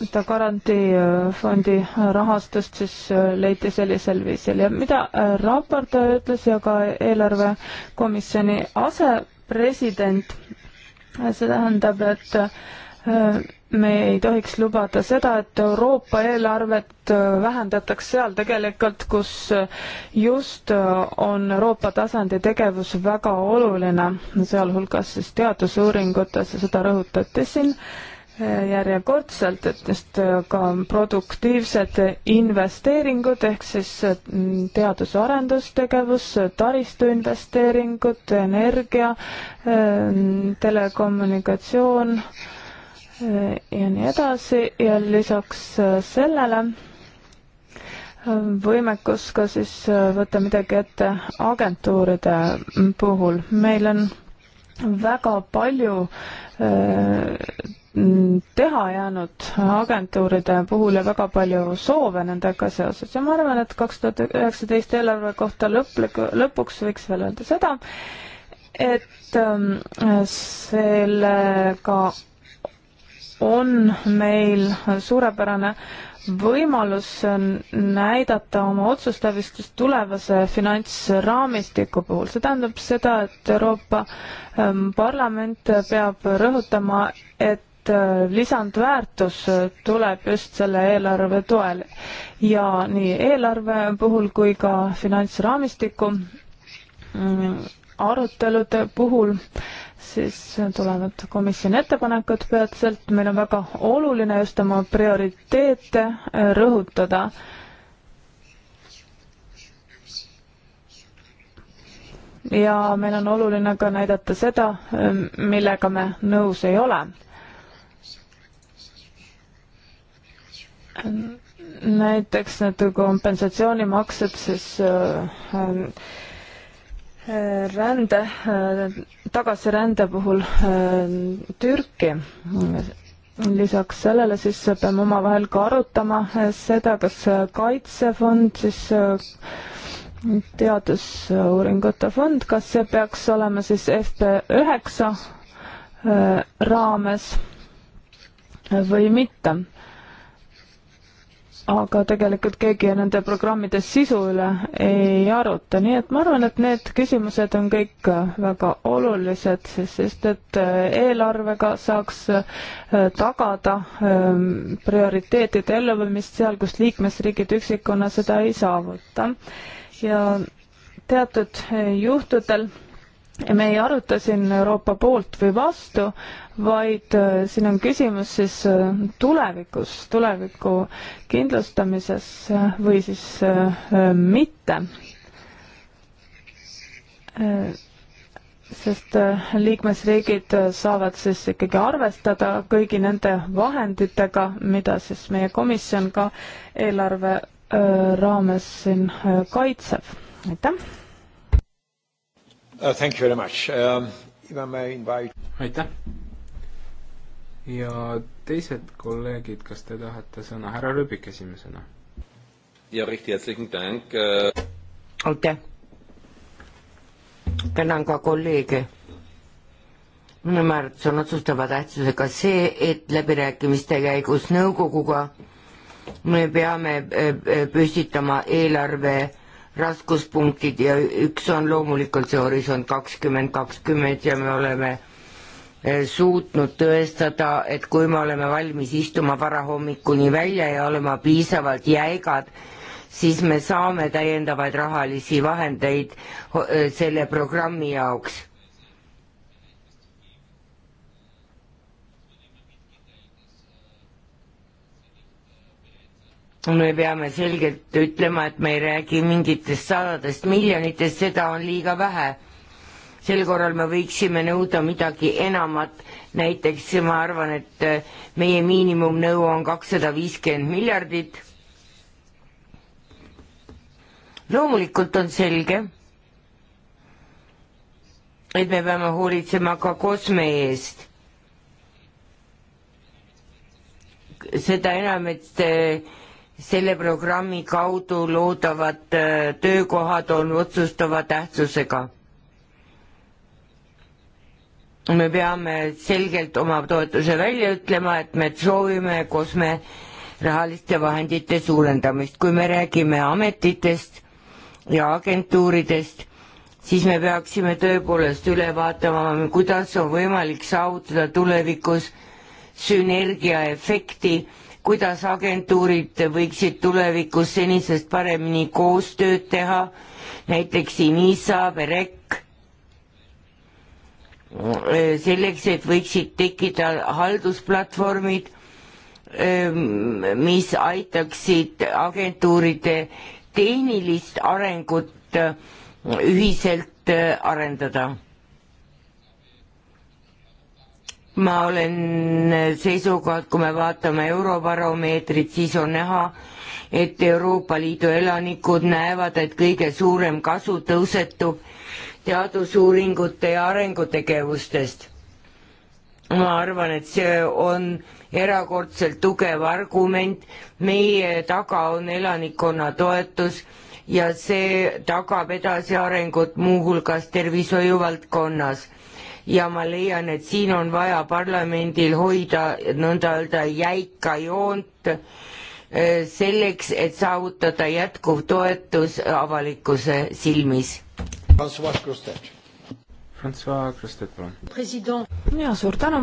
seda garantiifondi rahastust siis leiti sellisel viisil ja mida raportöö ütles ja ka eelarvekomisjoni asepresident, see tähendab, et Äh, me ei tohiks lubada seda, et Euroopa eelarvet äh, vähendatakse seal tegelikult, kus äh, just on Euroopa tasandi tegevus väga oluline, sealhulgas siis teadusuuringutes ja seda rõhutati siin järjekordselt, et just ka produktiivsed investeeringud ehk siis teadus-arendustegevus, taristuinvesteeringud, energia, telekommunikatsioon ja nii edasi ja lisaks äh, sellele äh, võimekus ka siis äh, võtta midagi ette agentuuride mm, puhul. meil on väga palju mm, teha jäänud agentuuride puhul ja väga palju soove nendega seoses ja ma arvan, et kaks tuhat üheksateist eelarve kohta lõplik, lõpuks võiks veel öelda seda, et ähm, sellega on meil suurepärane võimalus näidata oma otsustavistust tulevase finantsraamistiku puhul. see tähendab seda, et Euroopa ähm, Parlament peab rõhutama, et äh, lisandväärtus tuleb just selle eelarve toel ja nii eelarve puhul kui ka finantsraamistiku mm, arutelude puhul siis tulevad komisjoni ettepanekud peatselt, meil on väga oluline just oma prioriteete äh, rõhutada. ja meil on oluline ka näidata seda, äh, millega me nõus ei ole näiteks need kompensatsioonimaksed siis äh, äh rände, tagasirände puhul äh, Türki. lisaks sellele siis peame omavahel ka arutama äh, seda, kas äh, kaitsefond siis teadusuuringute fond, kas see peaks olema siis FP üheksa raames või mitte aga tegelikult keegi nende programmide sisu üle ei aruta, nii et ma arvan, et need küsimused on kõik väga olulised, sest et äh, eelarvega saaks äh, tagada ähm, prioriteetide elluviimist seal, kus liikmesriigid üksikuna seda ei saavuta. ja teatud äh, juhtudel me ei aruta siin Euroopa poolt või vastu, vaid äh, siin on küsimus siis äh, tulevikus, tuleviku kindlustamises äh, või siis mitte. sest liikmesriigid saavad siis ikkagi arvestada kõigi nende vahenditega, mida siis meie komisjon ka eelarve raames siin kaitseb. aitäh! uh,. Thank you very much uh,. Invite... aitäh. ja teised kolleegid, kas te tahate sõna, härra Rüübik esimesena? ja, äh, aitäh. tänan ka kolleege minu määrates on otsustava tähtsusega see, et läbirääkimiste käigus nõukoguga me peame äh, äh, püstitama eelarve raskuspunktid ja üks on loomulikult see Horisont kakskümmend kakskümmend ja me oleme eh, suutnud tõestada, et kui me oleme valmis istuma varahommikuni välja ja olema piisavalt jäigad, siis me saame täiendavaid rahalisi vahendeid eh, selle programmi jaoks me peame selgelt ütlema, et me ei räägi mingitest sadadest miljonitest, seda on liiga vähe. sel korral me võiksime nõuda midagi enamat, näiteks ma arvan, et eh, meie miinimumnõu on kakssada viiskümmend miljardit. loomulikult on selge, et me peame hoolitsema ka kosme eest. seda enam, et eh, selle programmi kaudu loodavad äh, töökohad on otsustava tähtsusega. me peame selgelt oma toetuse välja ütlema, et me soovime Kosme rahaliste vahendite suurendamist, kui me räägime ametitest ja agentuuridest, siis me peaksime tõepoolest üle vaatama, kuidas on võimalik saavutada tulevikus sünergiaefekti kuidas agentuurid võiksid tulevikus senisest paremini koostööd teha, näiteks Inisa, Verek, selleks, et võiksid tekkida haldusplatvormid, ehm, mis aitaksid agentuuride tehnilist arengut ühiselt arendada ma olen seisukohalt, kui me vaatame Eurobaromeetrit, siis on näha, et Euroopa Liidu elanikud näevad, et kõige suurem kasu tõusetub teadusuuringute ja arengutegevustest. ma arvan, et see on erakordselt tugev argument, meie taga on elanikkonna toetus ja see tagab edasiarengut muuhulgas tervishoiu valdkonnas ja ma leian, et siin on vaja parlamendil hoida nõnda öelda jäika joont äh, selleks, et saavutada jätkuv toetus avalikkuse silmis. Francois Crustet. Francois Crustet, palun. ja suur tänu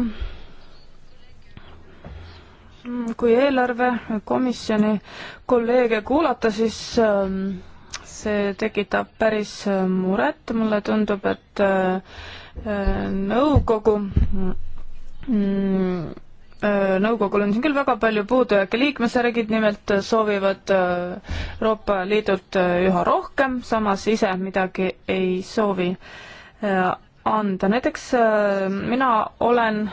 kui eelarvekomisjoni kolleege kuulata, siis ähm, see tekitab päris äh, muret, mulle tundub, et äh, nõukogu. Mm, äh, nõukogul on siin küll väga palju puudujääke, liikmesriigid nimelt soovivad äh, Euroopa Liidult äh, üha rohkem, samas ise midagi ei soovi anda. näiteks mina olen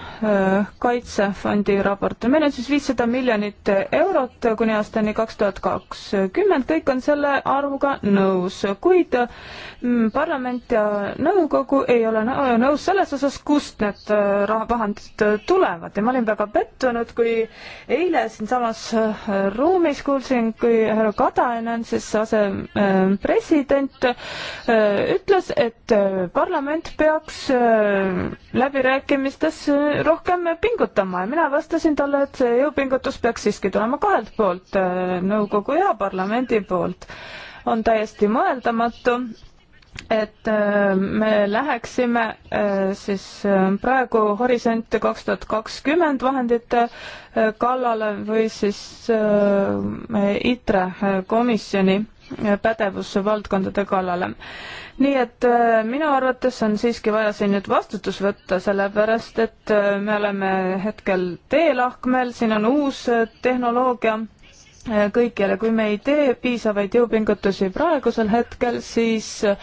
Kaitsefondi raporti, meil on siis viissada miljonit eurot kuni aastani kaks tuhat kakskümmend, kõik on selle arvuga nõus, kuid Mm, parlament ja nõukogu ei ole nõus selles osas, kust need äh, rahavahendid äh, tulevad ja ma olin väga pettunud, kui eile siinsamas äh, ruumis kuulsin, kui härra Katainen, siis asepresident, ütles, et parlament peaks läbirääkimistes rohkem pingutama ja mina vastasin talle, et see jõupingutus peaks siiski tulema kahelt poolt, nõukogu ja parlamendi poolt on täiesti mõeldamatu, et äh, me läheksime äh, siis äh, praegu Horisont kaks tuhat kakskümmend vahendite kallale või siis ITRE komisjoni pädevusvaldkondade kallale. nii et minu arvates on siiski vaja siin nüüd vastutus võtta, sellepärast et me oleme hetkel teelahkmel, siin on uus tehnoloogia kõikjale, kui me ei tee piisavaid jõupingutusi praegusel hetkel, siis eh,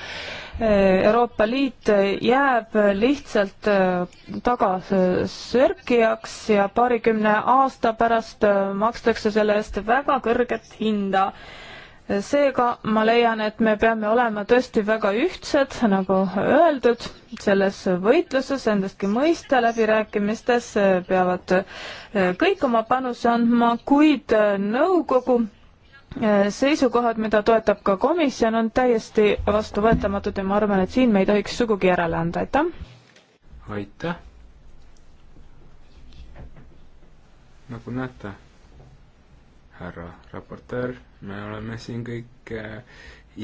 Euroopa Liit jääb lihtsalt eh, tagasörkijaks ja paarikümne aasta pärast eh, makstakse selle eest väga kõrget hinda seega ma leian, et me peame olema tõesti väga ühtsed, nagu öeldud, selles võitluses endastki mõista, läbirääkimistes eh, peavad eh, kõik oma panuse andma, kuid eh, nõukogu seisukohad, mida toetab ka komisjon, on täiesti vastuvõetamatud ja ma arvan, et siin me ei tohiks sugugi järele anda, aitäh! aitäh! nagu näete, härra raportöör me oleme siin kõik äh,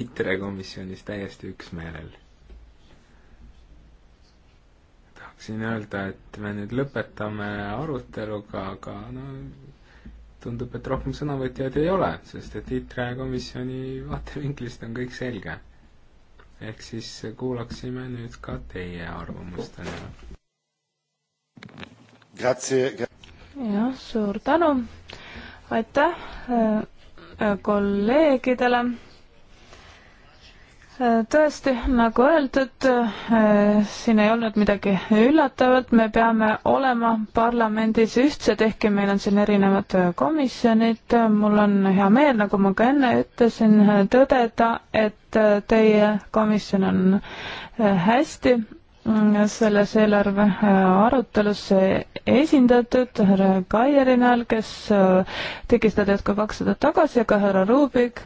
ITRE komisjonis täiesti üksmeelel. tahaksin öelda, et me nüüd lõpetame aruteluga, aga no tundub, et rohkem sõnavõtjaid ei ole, sest et ITRE komisjoni vaatevinklist on kõik selge. ehk siis kuulaksime nüüd ka teie arvamust täna. jah, suur tänu, aitäh äh, kolleegidele. tõesti, nagu öeldud, eh, siin ei olnud midagi üllatavat, me peame olema parlamendis ühtsed, ehkki meil on siin erinevad komisjonid. mul on hea meel, nagu ma ka enne ütlesin, tõdeda, et teie komisjon on eh, hästi Mm, selles eelarve äh, arutelus esindatud härra Kaieri näol, kes äh, tegi seda tööd ka kaks aastat tagasi, aga härra Rubik,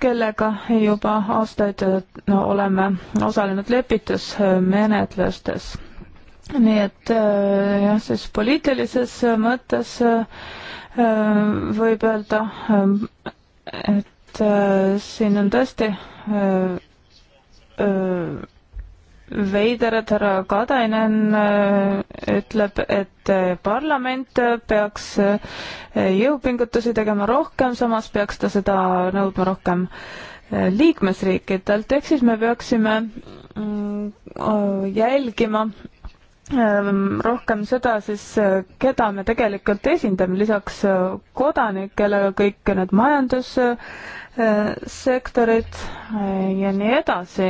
kellega juba aastaid no, äh, oleme osalenud lepitusmenetlustes. nii et jah, siis poliitilises mõttes võib öelda, et siin on tõesti öö, öö, veider, et härra Katainen äh, ütleb, et äh, parlament äh, peaks jõupingutusi tegema rohkem, samas peaks ta seda nõudma rohkem liikmesriikidelt, ehk siis me peaksime mm, jälgima ähm, rohkem seda siis, keda me tegelikult esindame, lisaks kodanikele kõik need majandussektorid ja nii edasi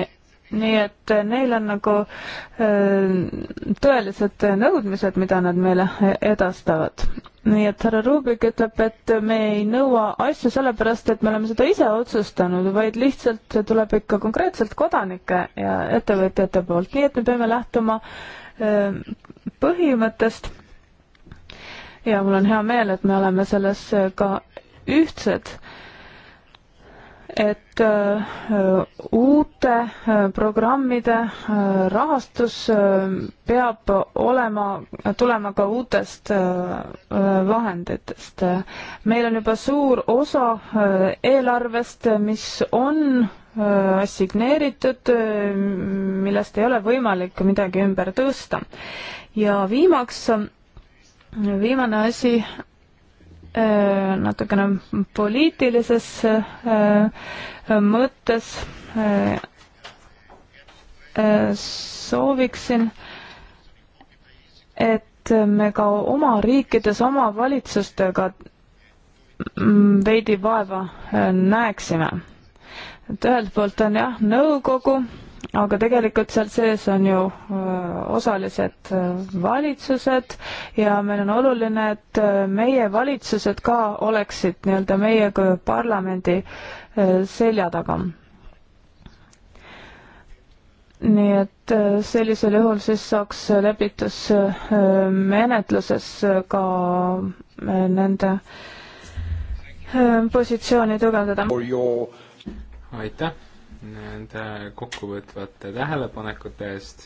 nii et eh, neil on nagu eh, tõelised nõudmised, mida nad meile eh, edastavad. nii et härra Rubik ütleb, et me ei nõua asju sellepärast, et me oleme seda ise otsustanud, vaid lihtsalt see tuleb ikka konkreetselt kodanike ja ettevõtjate poolt, nii et me peame lähtuma põhimõttest. ja mul on hea meel, et me oleme selles ka ühtsed et äh, uute äh, programmide äh, rahastus peab olema, tulema ka uutest vahenditest. meil on juba suur osa eelarvest, mis on assigneeritud, millest ei ole võimalik midagi ümber tõsta. ja viimaks, viimane asi Äh, natukene poliitilises äh, mõttes äh, sooviksin, et me ka oma riikides, oma valitsustega mm, veidi vaeva näeksime. et ühelt poolt on jah, nõukogu, aga tegelikult seal sees on ju äh, osalised äh, valitsused ja meil on oluline, et äh, meie valitsused ka oleksid nii-öelda meie kui parlamendi selja taga. nii et sellisel juhul siis saaks lepitusmenetluses ka nende positsiooni tugevdada. aitäh nende kokkuvõtvate tähelepanekute eest.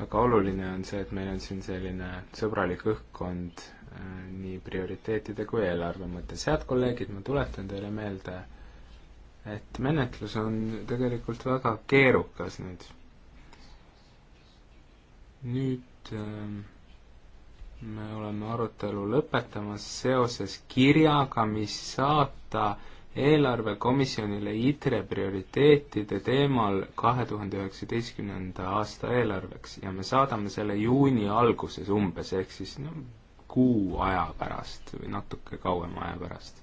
väga oluline on see, et meil on siin selline sõbralik õhkkond äh, nii prioriteetide kui eelarve mõttes. head kolleegid, ma tuletan teile meelde, et menetlus on tegelikult väga keerukas nüüd. nüüd ähm, me oleme arutelu lõpetamas seoses kirjaga, mis saata äh, eelarvekomisjonile ITRE prioriteetide teemal kahe tuhande üheksateistkümnenda aasta eelarveks ja me saadame selle juuni alguses umbes, ehk siis no, kuu aja pärast või natuke kauema aja pärast.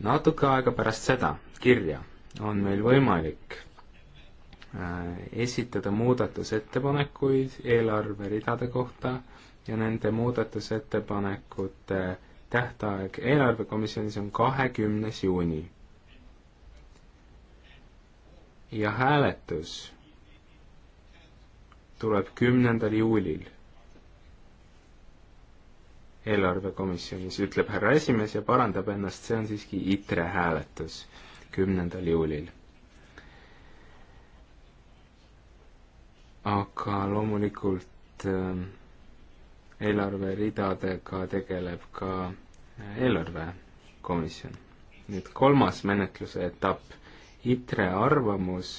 natuke aega pärast seda kirja on meil võimalik äh, esitada muudatusettepanekuid eelarveridade kohta ja nende muudatusettepanekute tähtaeg eelarvekomisjonis on kahekümnes juuni. ja hääletus tuleb kümnendal juulil eelarvekomisjonis, ütleb härra esimees ja parandab ennast, see on siiski ITRE hääletus kümnendal juulil. aga loomulikult äh, eelarveridadega tegeleb ka eelarvekomisjon. nüüd kolmas menetluse etapp, ITRE arvamus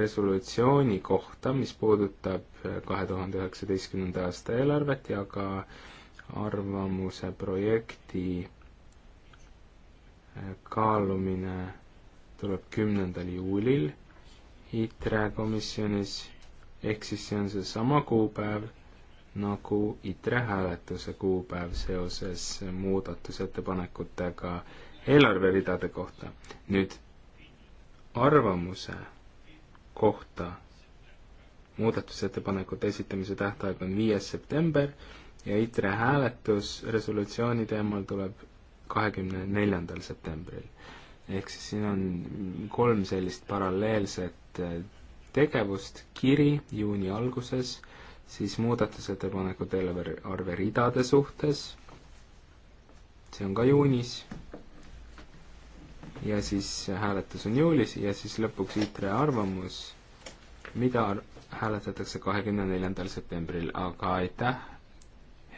resolutsiooni kohta, mis puudutab äh, kahe tuhande üheksateistkümnenda aasta eelarvet ja ka arvamuse projekti äh, kaalumine tuleb kümnendal juulil ITRE komisjonis, ehk siis see on seesama kuupäev, nagu ITRE hääletuse kuupäev seoses muudatusettepanekutega eelarveridade kohta. nüüd arvamuse kohta muudatusettepanekute esitamise tähtaeg on viies september ja ITRE hääletus resolutsiooni teemal tuleb kahekümne neljandal septembril. ehk siis siin on kolm sellist paralleelset tegevust, kiri juuni alguses, siis muudatusettepanekud eelarve ridade suhtes, see on ka juunis, ja siis hääletus on juulis ja siis lõpuks ITRE arvamus, mida hääletatakse kahekümne neljandal septembril, aga aitäh,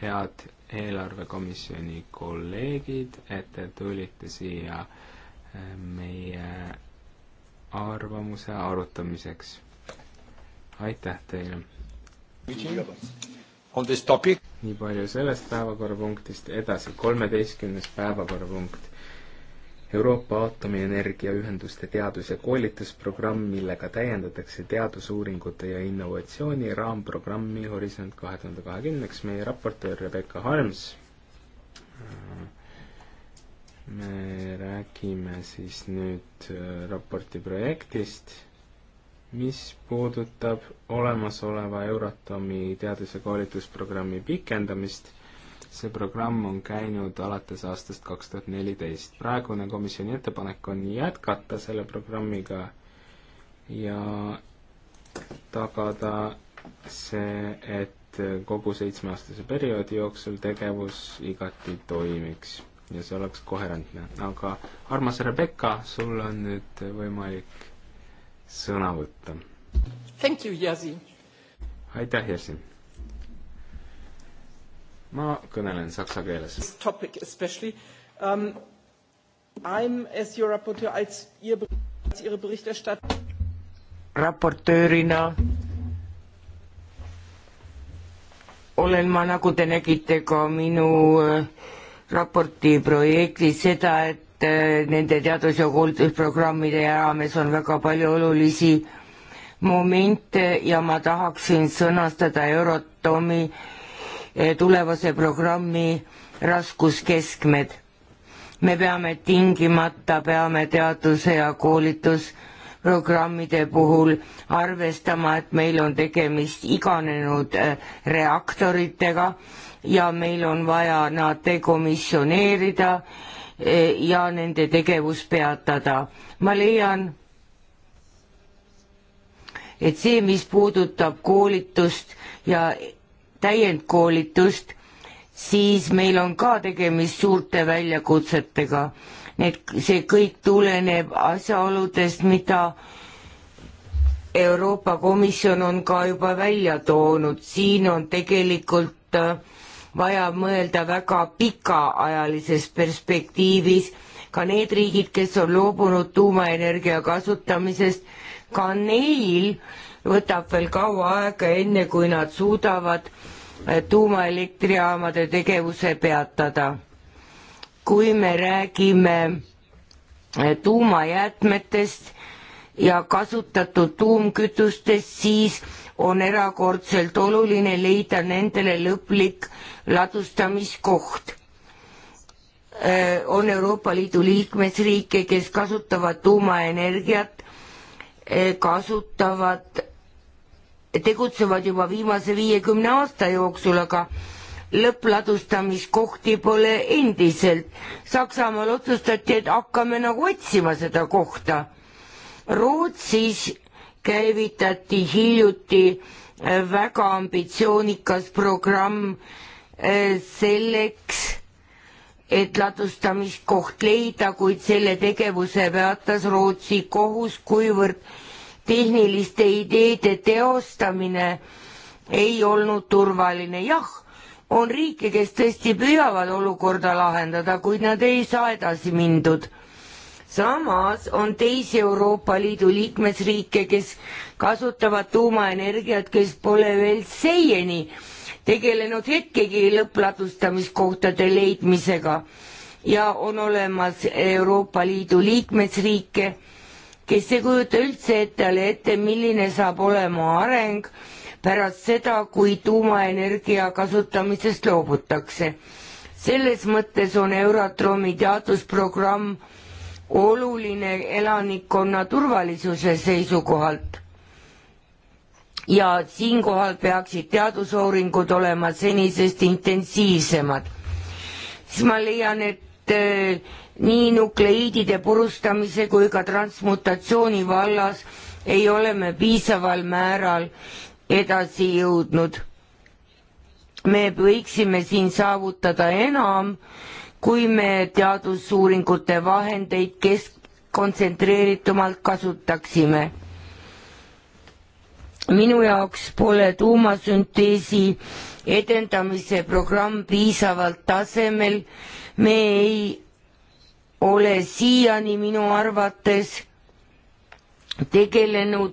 head eelarvekomisjoni kolleegid, et te tulite siia eh, meie arvamuse arutamiseks. aitäh teile! nii palju sellest päevakorrapunktist, edasi kolmeteistkümnes päevakorrapunkt. Euroopa Aatomienergiaühenduste teadus- ja koolitusprogramm, millega täiendatakse teadusuuringute ja innovatsiooni raamprogrammi Horisont kahe tuhande kahekümneks, meie raportöör Rebecca Harms me räägime siis nüüd äh, raporti projektist mis puudutab olemasoleva Euratomi teadus- ja koolitusprogrammi pikendamist, see programm on käinud alates aastast kaks tuhat neliteist. praegune komisjoni ettepanek on jätkata selle programmiga ja tagada see, et kogu seitsmeaastase perioodi jooksul tegevus igati toimiks ja see oleks koherentne. aga armas Rebecca, sul on nüüd võimalik sõna võtta. Thank you, Jasi! aitäh, Jasi! ma kõnelen saksa keeles. This topic especially um,. I am as your raporteur als ihr als ihre Berichterstatter. raportöörina olen ma, nagu te nägite ka minu äh, raporti projektis seda, et et äh, nende teadus- ja koolitusprogrammide raames on väga palju olulisi momente ja ma tahaksin sõnastada Eurotomi äh, tulevase programmi raskuskeskmed. me peame tingimata, peame teaduse ja koolitusprogrammide puhul arvestama, et meil on tegemist iganenud äh, reaktoritega ja meil on vaja nad dekomisjoneerida ja nende tegevus peatada. ma leian, et see, mis puudutab koolitust ja täiendkoolitust, siis meil on ka tegemist suurte väljakutsetega. Need, see kõik tuleneb asjaoludest, mida Euroopa Komisjon on ka juba välja toonud, siin on tegelikult äh, vaja mõelda väga pikaajalises perspektiivis, ka need riigid, kes on loobunud tuumaenergia kasutamisest, ka neil võtab veel kaua aega, enne kui nad suudavad eh, tuumaelektrijaamade tegevuse peatada. kui me räägime eh, tuumajäätmetest ja kasutatud tuumkütustest, siis on erakordselt oluline leida nendele lõplik ladustamiskoht. Äh, on Euroopa Liidu liikmesriike, kes kasutavad tuumaenergiat, äh, kasutavad, tegutsevad juba viimase viiekümne aasta jooksul, aga lõppladustamiskohti pole endiselt. Saksamaal otsustati, et hakkame nagu otsima seda kohta. Rootsis käivitati hiljuti äh, väga ambitsioonikas programm äh, selleks, et ladustamiskoht leida, kuid selle tegevuse peatas Rootsi kohus, kuivõrd tehniliste ideede teostamine ei olnud turvaline. jah, on riike, kes tõesti püüavad olukorda lahendada, kuid nad ei saa edasi mindud samas on teisi Euroopa Liidu liikmesriike, kes kasutavad tuumaenergiat, kes pole veel seieni tegelenud hetkegi lõppladustamiskohtade leidmisega ja on olemas Euroopa Liidu liikmesriike, kes ei kujuta üldse ettele ette, milline saab olema areng pärast seda, kui tuumaenergia kasutamisest loobutakse. selles mõttes on Euratromi teadusprogramm oluline elanikkonna turvalisuse seisukohalt. ja siinkohal peaksid teadusuuringud olema senisest intensiivsemad. siis ma leian, et eh, nii nukleiidide purustamise kui ka transmutatsiooni vallas ei ole me piisaval määral edasi jõudnud. me võiksime siin saavutada enam äh, kui me teadusuuringute vahendeid kesk-, kontsentreeritumalt kasutaksime. minu jaoks pole tuumasünteesi edendamise programm piisavalt tasemel, me ei ole siiani minu arvates tegelenud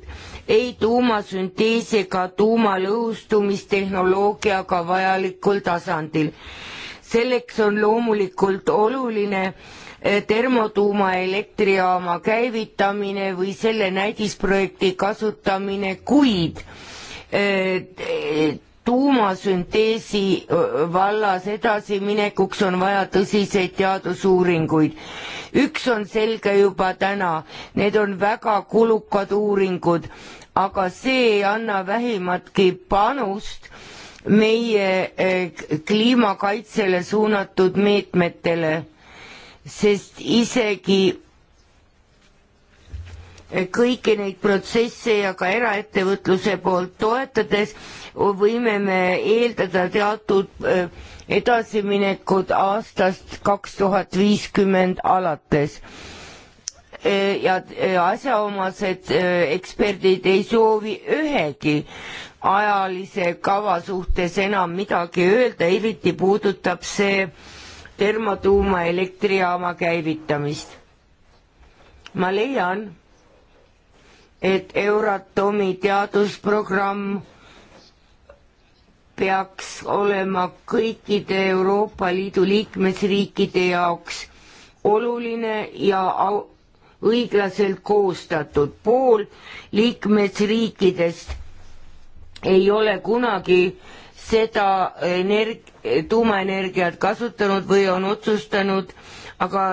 ei tuumasünteesi ega tuumalõhustumistehnoloogiaga vajalikul tasandil selleks on loomulikult oluline eh, termotuumaelektrijaama käivitamine või selle näidisprojekti kasutamine, kuid eh, tuumasünteesi eh, vallas edasiminekuks on vaja tõsiseid teadusuuringuid. üks on selge juba täna, need on väga kulukad uuringud, aga see ei anna vähimatki panust äh, meie eh, kliimakaitsele suunatud meetmetele, sest isegi eh, kõiki neid protsesse ja ka eraettevõtluse poolt toetades võime me eeldada teatud eh, edasiminekud aastast kaks tuhat viiskümmend alates. ja asjaomased eksperdid ei soovi ühegi ajalise kava suhtes enam midagi öelda, eriti puudutab see termotuuma elektrijaama käivitamist. ma leian, et Euratomi teadusprogramm peaks olema kõikide Euroopa Liidu liikmesriikide jaoks oluline ja õiglaselt koostatud. pool liikmesriikidest ei ole kunagi seda energ-, tuumaenergiat kasutanud või on otsustanud aga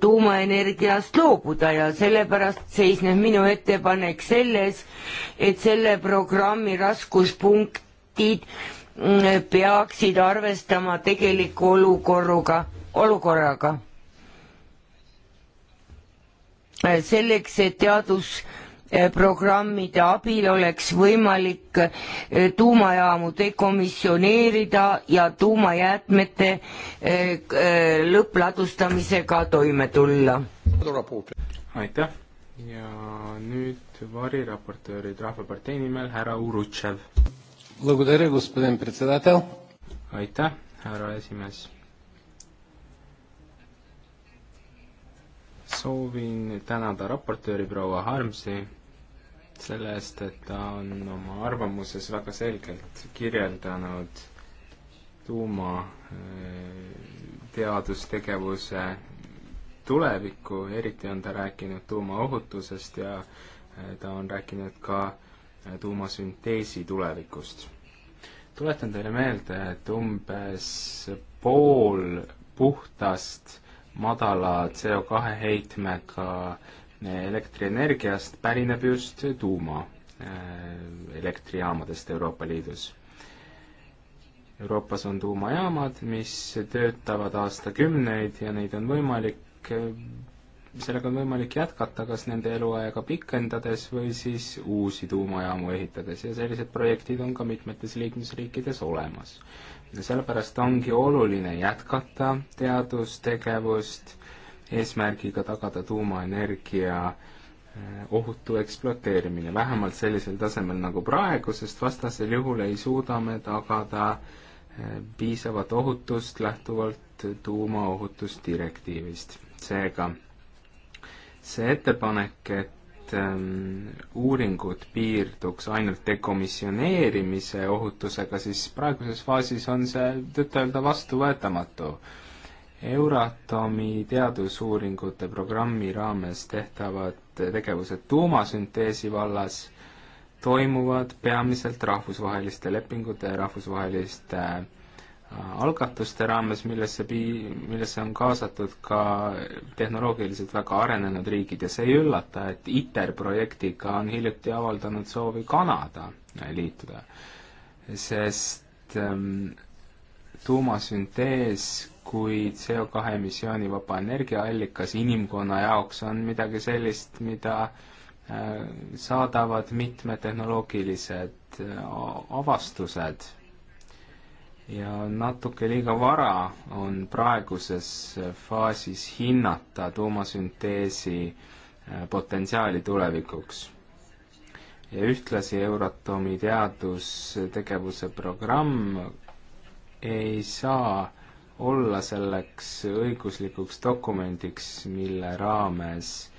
tuumaenergiast loobuda ja sellepärast seisneb minu ettepanek selles, et selle programmi raskuspunktid mm, peaksid arvestama tegeliku olukorruga, olukorraga. selleks, et teadus Eh, programmide abil oleks võimalik eh, tuumajaamu dekomisjoneerida ja tuumajäätmete eh, lõppladustamisega toime tulla. aitäh ja nüüd variraportöörid Rahvapartei nimel härra Urutšev. aitäh, härra esimees soovin tänada raportööri proua Harmsi selle eest, et ta on oma arvamuses väga selgelt kirjeldanud tuumateadustegevuse äh, tulevikku, eriti on ta rääkinud tuumaohutusest ja äh, ta on rääkinud ka äh, tuumasünteesi tulevikust. tuletan teile meelde, et umbes pool puhtast madala CO2 heitmega elektrienergiast pärineb just tuumaelektrijaamadest äh, Euroopa Liidus. Euroopas on tuumajaamad, mis töötavad aastakümneid ja neid on võimalik, äh, sellega on võimalik jätkata kas nende eluaega pikendades või siis uusi tuumajaamu ehitades ja sellised projektid on ka mitmetes liikmesriikides olemas sellepärast ongi oluline jätkata teadustegevust eesmärgiga tagada tuumaenergia eh, ohutu ekspluateerimine, vähemalt sellisel tasemel nagu praegu, sest vastasel juhul ei suuda me tagada eh, piisavat ohutust lähtuvalt tuumaohutusdirektiivist. seega see ettepanek, et et ähm, uuringud piirduks ainult dekomisjoneerimise ohutusega, siis praeguses faasis on see tõtt-öelda vastuvõetamatu. Euratomi teadusuuringute programmi raames tehtavad tegevused tuumasünteesi vallas toimuvad peamiselt rahvusvaheliste lepingute ja rahvusvaheliste äh, algatuste raames, millesse pii-, millesse on kaasatud ka tehnoloogiliselt väga arenenud riigid ja see ei üllata, et ITER-projektiga on hiljuti avaldanud soovi Kanada liituda, sest ähm, tuumasüntees kui CO2 emissioonivaba energiaallikas inimkonna jaoks on midagi sellist, mida äh, saadavad mitmed tehnoloogilised äh, avastused ja natuke liiga vara on praeguses faasis hinnata tuumasünteesi äh, potentsiaali tulevikuks. ja ühtlasi Euratomi teadustegevuse programm ei saa olla selleks õiguslikuks dokumendiks, mille raames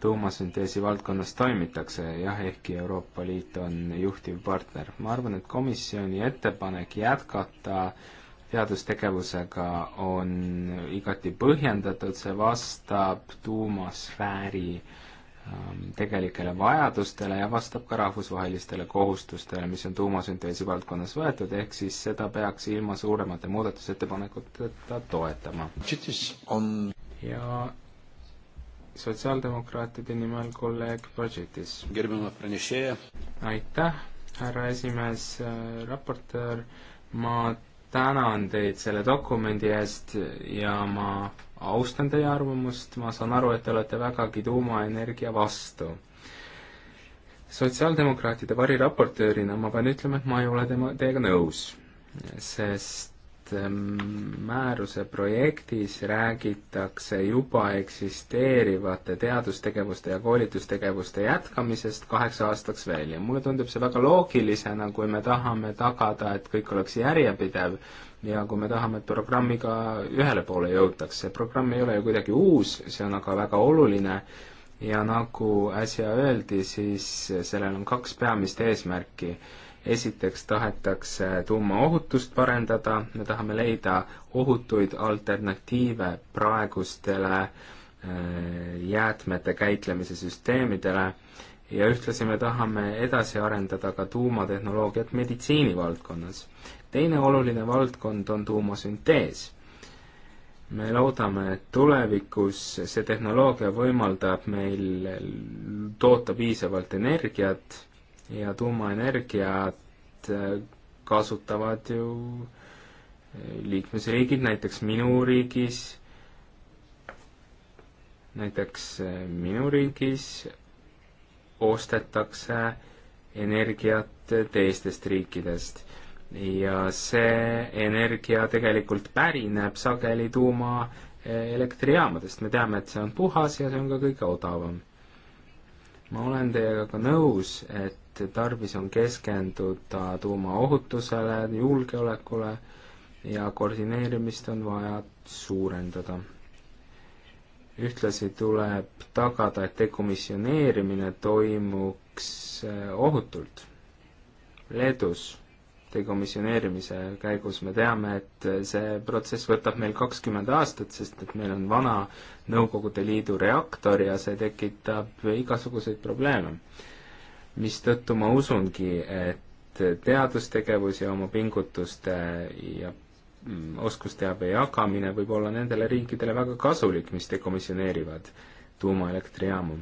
tuumasünteesi valdkonnas toimitakse, jah, ehkki Euroopa Liit on juhtiv partner. ma arvan, et komisjoni ettepanek jätkata teadustegevusega on igati põhjendatud, see vastab tuumasfääri ähm, tegelikele vajadustele ja vastab ka rahvusvahelistele kohustustele, mis on tuumasünteesi valdkonnas võetud, ehk siis seda peaks ilma suuremate muudatusettepanekuteta toetama. On... ja sotsiaaldemokraatide nimel kolleeg Budgetis. aitäh, härra esimees äh,, raportöör, ma tänan teid selle dokumendi eest ja ma austan teie arvamust, ma saan aru, et te olete vägagi tuumaenergia vastu. sotsiaaldemokraatide variraportöörina ma pean ütlema, et ma ei ole tema, teiega nõus, sest Ehm, määruse projektis räägitakse juba eksisteerivate teadustegevuste ja koolitustegevuste jätkamisest kaheks aastaks veel ja mulle tundub see väga loogilisena, kui me tahame tagada, et kõik oleks järjepidev ja kui me tahame, et programmiga ühele poole jõutaks. see programm ei ole ju kuidagi uus, see on aga väga oluline ja nagu äsja öeldi, siis sellel on kaks peamist eesmärki esiteks tahetakse tuumaohutust parendada, me tahame leida ohutuid alternatiive praegustele äh, jäätmete käitlemise süsteemidele ja ühtlasi me tahame edasi arendada ka tuumatehnoloogiat meditsiinivaldkonnas. teine oluline valdkond on tuumasüntees. me loodame, et tulevikus see tehnoloogia võimaldab meil toota piisavalt energiat ja tuumaenergiat äh, kasutavad ju äh, liikmesriigid, näiteks minu riigis, näiteks äh, minu riigis ostetakse energiat teistest riikidest ja see energia tegelikult pärineb sageli tuumaelektrijaamadest, me teame, et see on puhas ja see on ka kõige odavam. ma olen teiega ka nõus, et et tarvis on keskenduda tuumaohutusele, julgeolekule ja koordineerimist on vaja suurendada. ühtlasi tuleb tagada, et dekomisjoneerimine toimuks eh, ohutult. Leedus dekomisjoneerimise käigus me teame, et see protsess võtab meil kakskümmend aastat, sest et meil on vana Nõukogude Liidu reaktor ja see tekitab igasuguseid probleeme mistõttu ma usungi, et teadustegevus ja oma pingutuste ja mm, oskusteabe jagamine võib olla nendele riikidele väga kasulik, mis dekomisjoneerivad tuumaelektrijaamu.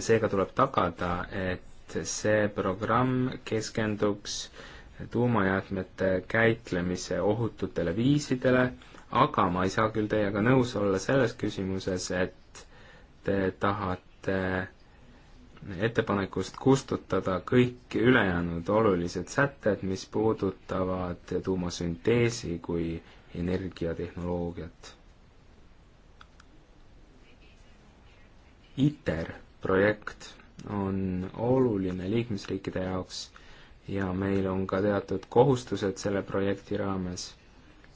seega tuleb tagada, et see programm keskenduks tuumajäätmete käitlemise ohututele viisidele, aga ma ei saa küll teiega nõus olla selles küsimuses, et te tahate ettepanekust kustutada kõik ülejäänud olulised sätted, mis puudutavad tuumasünteesi kui energiatehnoloogiat. ITER projekt on oluline liikmesriikide jaoks ja meil on ka teatud kohustused selle projekti raames.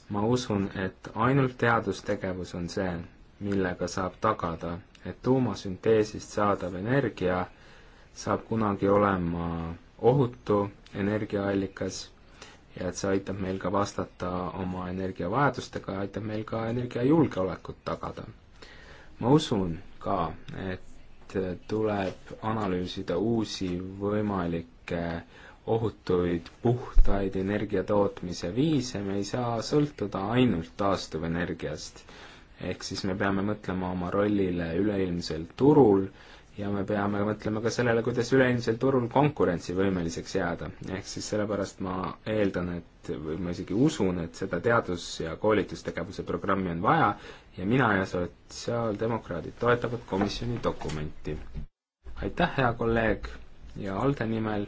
ma usun, et ainult teadustegevus on see, millega saab tagada, et tuumasünteesist saadav energia saab kunagi olema ohutu energiaallikas ja et see aitab meil ka vastata oma energiavajadustega ja aitab meil ka energiajulgeolekut tagada. ma usun ka, et tuleb analüüsida uusi võimalikke ohutuid puhtaid energiatootmise viise, me ei saa sõltuda ainult taastuvenergiast. ehk siis me peame mõtlema oma rollile üleilmsel turul ja me peame mõtlema ka sellele, kuidas üleilmsel turul konkurentsivõimeliseks jääda. ehk siis sellepärast ma eeldan, et või ma isegi usun, et seda teadus- ja koolitustegevuse programmi on vaja ja mina ja sotsiaaldemokraadid toetavad komisjoni dokumenti. aitäh, hea kolleeg ja ALDE nimel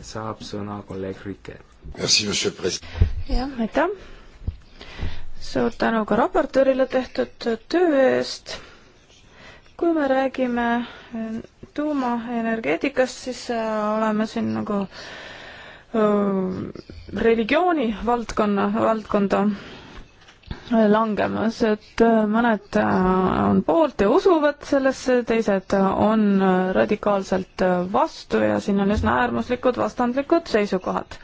saab sõna kolleeg Rike. jah, aitäh! suur tänu ka raportöörile tehtud töö eest kui me räägime eh, tuumaenergeetikast, siis eh, oleme siin nagu eh, religiooni valdkonna, valdkonda langemas, et mõned on poolt ja usuvad sellesse, teised on radikaalselt vastu ja siin on üsna äärmuslikud vastandlikud seisukohad.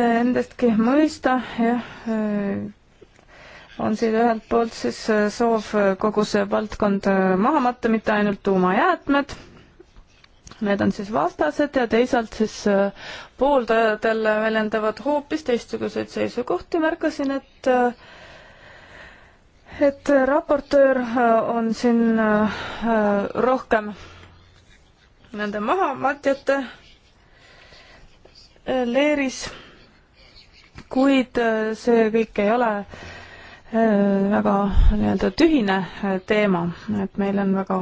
Endastki mõista, jah, on siin ühelt poolt siis äh, soov äh, kogu see valdkond äh, maha matta, mitte ainult tuumajäätmed, need on siis vastased ja teisalt siis pooldajatel väljendavad hoopis teistsuguseid seisukohti, märkasin, et et raportöör on siin rohkem nende mahamatjate leeris, kuid see kõik ei ole äh, Äh, väga nii-öelda tühine äh, teema, et meil on väga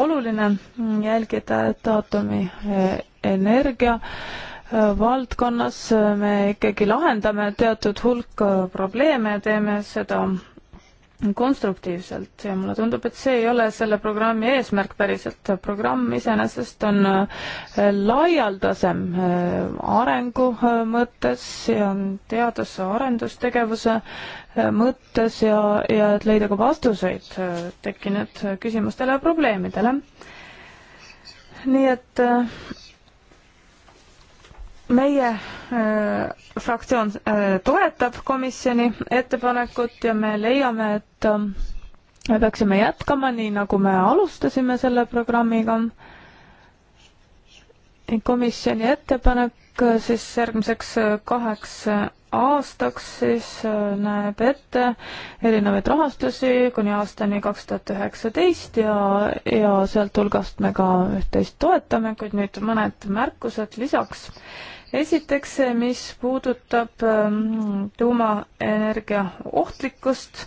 oluline jälgida, et aatomienergia äh, valdkonnas me ikkagi lahendame teatud hulk probleeme ja teeme seda konstruktiivselt ja mulle tundub, et see ei ole selle programmi eesmärk päriselt. programm iseenesest on äh, laialdasem äh, arengu äh, mõttes ja teadus- ja arendustegevuse mõttes ja, ja et leida ka vastuseid tekkinud küsimustele ja probleemidele. nii et meie äh, fraktsioon äh, toetab komisjoni ettepanekut ja me leiame, et äh, me peaksime jätkama nii, nagu me alustasime selle programmiga. komisjoni ettepanek äh, siis järgmiseks äh, kaheks äh, aastaks siis näeb ette erinevaid rahastusi kuni aastani kaks tuhat üheksateist ja, ja sealt hulgast me ka üht-teist toetame, kuid nüüd mõned märkused lisaks äh, esiteks, mis puudutab ähm, tuumaenergia ohtlikkust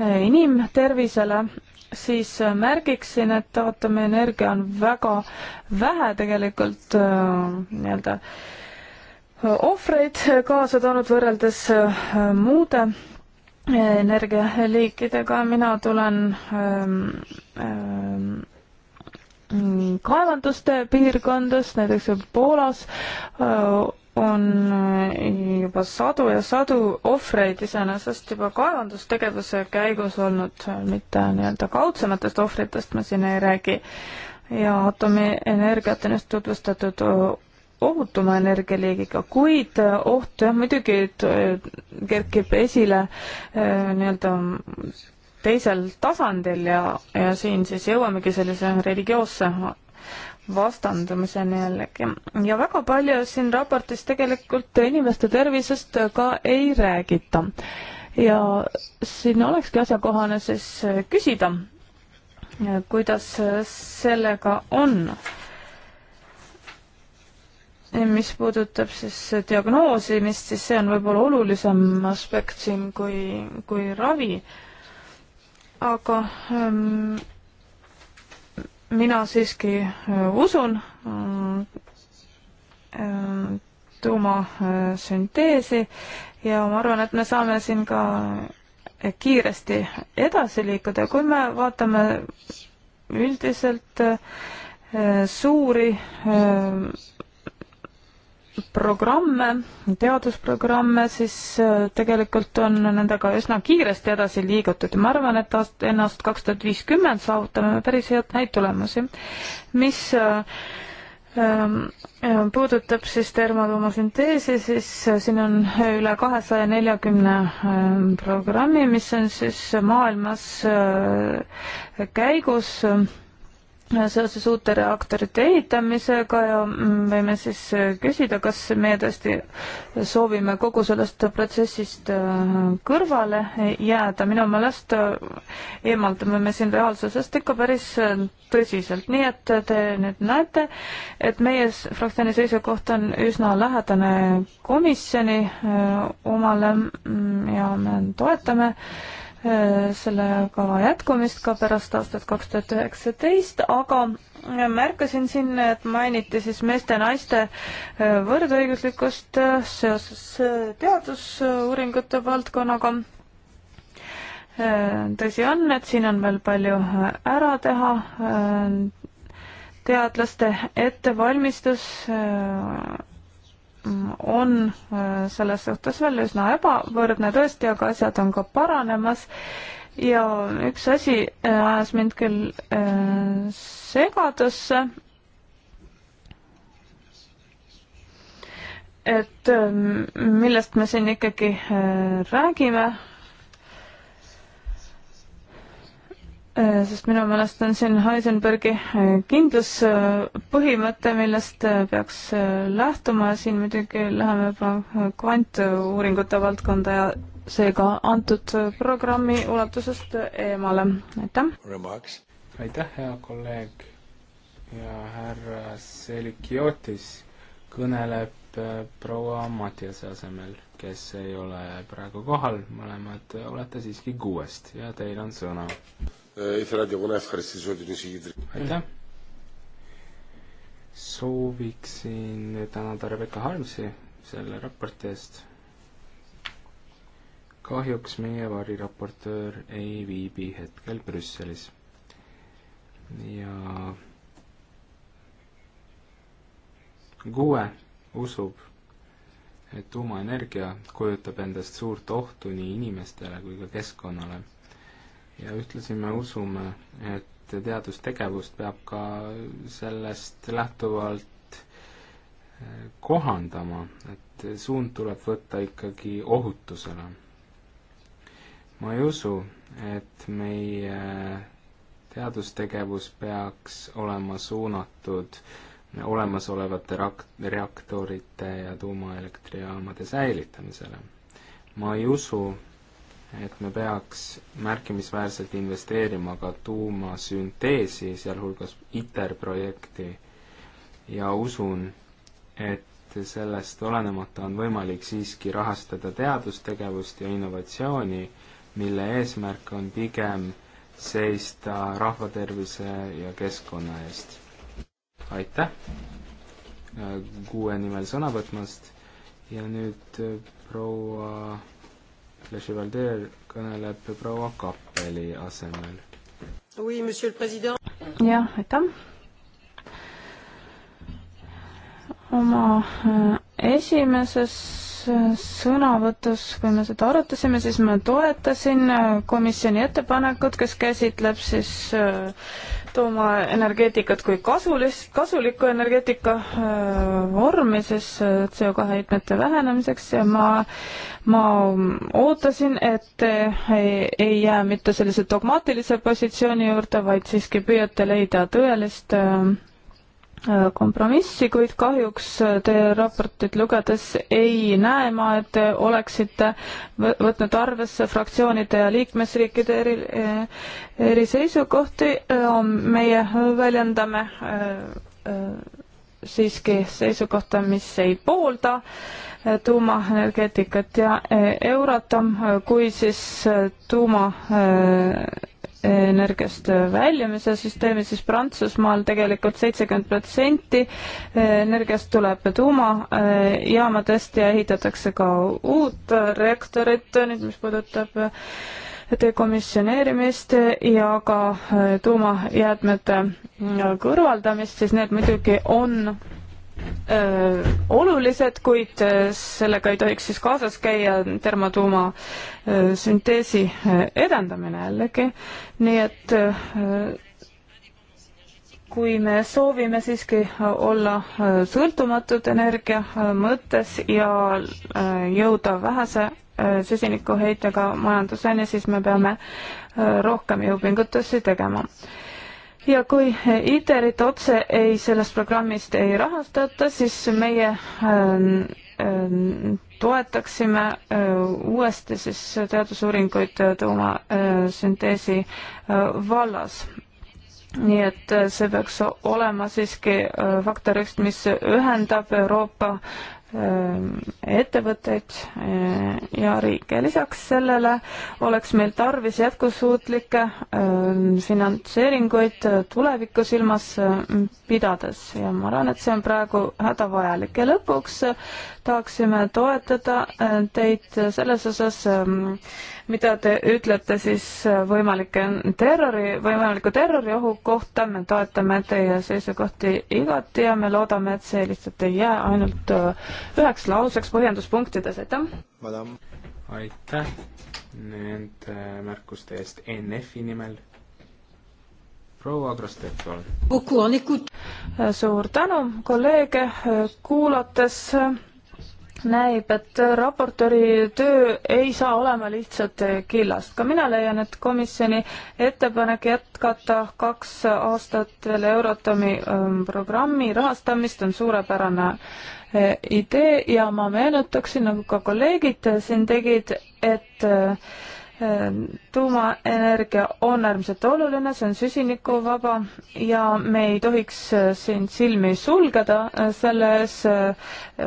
äh, inimtervisele, siis äh, märgiksin, et aatomienergia on väga vähe tegelikult äh, nii-öelda ohvreid kaasa toonud võrreldes muude energialiikidega. mina tulen ähm, ähm, kaevanduste piirkondades, näiteks Poolas äh, on äh, juba sadu ja sadu ohvreid iseenesest juba kaevandustegevuse käigus olnud, mitte nii-öelda kaudsematest ohvritest ma siin ei räägi, ja atomienergiat on just tutvustatud äh, ohutuma energialiigiga, kuid oht jah, muidugi kerkib esile nii-öelda teisel tasandil ja, ja siin siis jõuamegi sellise religioosse vastandumiseni jällegi. ja väga palju siin raportis tegelikult inimeste tervisest ka ei räägita. ja siin olekski asjakohane siis küsida, kuidas sellega on. mis puudutab siis diagnoosimist, siis see on võib-olla olulisem aspekt siin kui, kui ravi aga ähm, mina siiski äh, usun ähm, tuumasünteesi ja ma arvan, et me saame siin ka äh, kiiresti edasi liikuda, kui me vaatame üldiselt äh, suuri programme, teadusprogramme, siis äh, tegelikult on nendega üsna kiiresti edasi liigutud ja ma arvan, et aast-, ennast kaks tuhat viiskümmend saavutame me päris head häid tulemusi, mis äh, ähm, äh, puudutab siis termotuumasünteesi, siis siin on üle kahesaja neljakümne ähm, programmi, mis on siis maailmas käigus seoses uute reaktorite ehitamisega ja mm, võime siis äh, küsida, kas meie tõesti soovime kogu sellest protsessist äh, kõrvale jääda. minu meelest äh, eemaldume me siin reaalsusest ikka päris tõsiselt, nii et te nüüd näete, et meie fraktsiooni seisukoht on üsna lähedane komisjoni omale mm, ja me toetame äh, Äh, selle kava jätkumist ka pärast aastat kaks tuhat üheksateist, aga märkasin siin, et mainiti siis meeste-naiste äh, võrdõiguslikkust äh, seoses teadusuuringute valdkonnaga. tõsi on, et siin on veel palju ära teha. teadlaste ettevalmistus on äh, selles suhtes veel üsna ebavõrdne tõesti, aga asjad on ka paranemas. ja üks asi äh, ajas mind küll äh, segadusse. et millest me siin ikkagi räägime Äh, sest minu meelest on siin Heisenbergi äh, kindluspõhimõte, millest äh, peaks lähtuma, siin muidugi läheme juba kvantuuringute valdkonda ja seega antud programmi ulatusest eemale, aitäh! aitäh, hea kolleeg ja härra Selikiotis kõneleb proua Mattiase asemel, kes ei ole praegu kohal, mõlemad olete siiski kuuest ja teil on sõna ήθελα και εγώ να ευχαριστήσω την εισηγήτρια. Aitäh! sooviksin tänada Rebecca Harmsi selle raporti eest. kahjuks meie variraportöör ei viibi hetkel Brüsselis. ja Gue usub, et tuumaenergia kujutab endast suurt ohtu nii inimestele kui ka keskkonnale ja ühtlasi me usume, et teadustegevust peab ka sellest lähtuvalt eh, kohandama, et suund tuleb võtta ikkagi ohutusele. ma ei usu, et meie teadustegevus peaks olema suunatud olemasolevate rak-, reaktorite ja tuumaelektrijaamade säilitamisele. ma ei usu, et me peaks märkimisväärselt investeerima ka tuumasünteesi, sealhulgas ITER projekti ja usun, et sellest olenemata on võimalik siiski rahastada teadustegevust ja innovatsiooni, mille eesmärk on pigem seista rahvatervise ja keskkonna eest. aitäh kuue nimel sõna võtmast ja nüüd äh, proua Le Chevalier kõneleb proua Kappeli asemel. jah, aitäh. oma äh, esimeses äh, sõnavõtus, kui me seda arutasime, siis ma toetasin äh, komisjoni ettepanekut, kes käsitleb siis tuumaenergeetikat kui kasulist, kasulikku energeetika äh, vormi siis äh, CO2 heitmete vähenemiseks ja ma, ma ootasin, et te äh, ei, ei jää mitte sellise dogmaatilise positsiooni juurde, vaid siiski püüate leida tõelist äh, Äh, kompromissi, kuid kahjuks äh, teie raportit lugedes ei näe ma, et te oleksite võtnud arvesse fraktsioonide ja liikmesriikide eri, äh, eri seisukohti. meie väljendame siiski seisukohta, mis ei poolda eh, tuumaenergeetikat ja eh, Euratom, eh, kui siis tuumaenergiast väljumise süsteemi, siis Prantsusmaal tegelikult seitsekümmend protsenti energiast tuleb tuumajaamadest ja ehitatakse ka uut reaktorit, nüüd mis puudutab dekomissioneerimist ja ka äh, tuumajäätmete äh, kõrvaldamist, siis need muidugi on öö, äh, olulised, kuid sellega ei tohiks siis kaasas käia termotuuma sünteesi edendamine jällegi, nii et öö, kui me soovime siiski olla sõltumatud energia mõttes ja jõuda vähese Äh, süsinikuheitega majanduseni, siis me peame äh, rohkem jõupingutusi tegema. ja kui ITER-it otse ei, sellest programmist ei rahastata, siis meie ähm, ähm, toetaksime äh, uuesti siis teadusuuringuid tuumasünteesi vallas nii et see peaks olema siiski faktor üks, mis ühendab Euroopa Ähm, ettevõtteid äh, ja riike. lisaks sellele oleks meil tarvis jätkusuutlikke ähm, finantseeringuid äh, tulevikku silmas äh, pidades ja ma arvan, et see on praegu hädavajalik ja lõpuks tahaksime toetada äh, teid selles osas, ähm, mida te ütlete siis äh, võimalike terrori, võimaliku terroriohu kohta, me toetame teie seisukohti igati ja me loodame, et see lihtsalt ei jää ainult äh, üheks lauseks põhjenduspunktides, aitäh! aitäh nende märkuste eest NF-i nimel proua Krastet, palun. suur tänu kolleege kuulates näib, et raportööri töö ei saa olema lihtsalt killast. ka mina leian, et komisjoni ettepanek jätkata kaks aastat veel Eurotomi ähm, programmi rahastamist on suurepärane äh, idee ja ma meenutaksin, nagu ka kolleegid siin tegid, et äh, Ehm, tuumaenergia on äärmiselt oluline, see on süsinikuvaba ja me ei tohiks äh, siin silmi sulgeda äh, selles äh,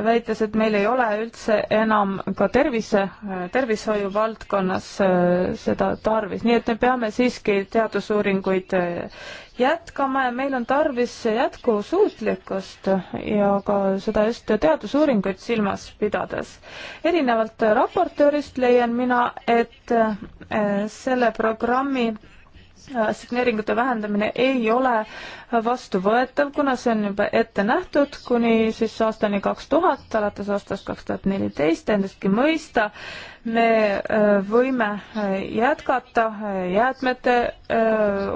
väites, et meil ei ole üldse enam ka tervise, tervishoiu valdkonnas seda tarvis, nii et me peame siiski teadusuuringuid jätkama ja meil on tarvis jätkusuutlikkust ja ka seda just teadusuuringuid silmas pidades. erinevalt raportöörist leian mina, et eh, selle programmi signeeringute vähendamine ei ole vastuvõetav, kuna see on juba ette nähtud kuni siis aastani kaks tuhat, alates aastast kaks tuhat neliteist, endastki mõista, me äh, võime äh, jätkata äh, jäätmete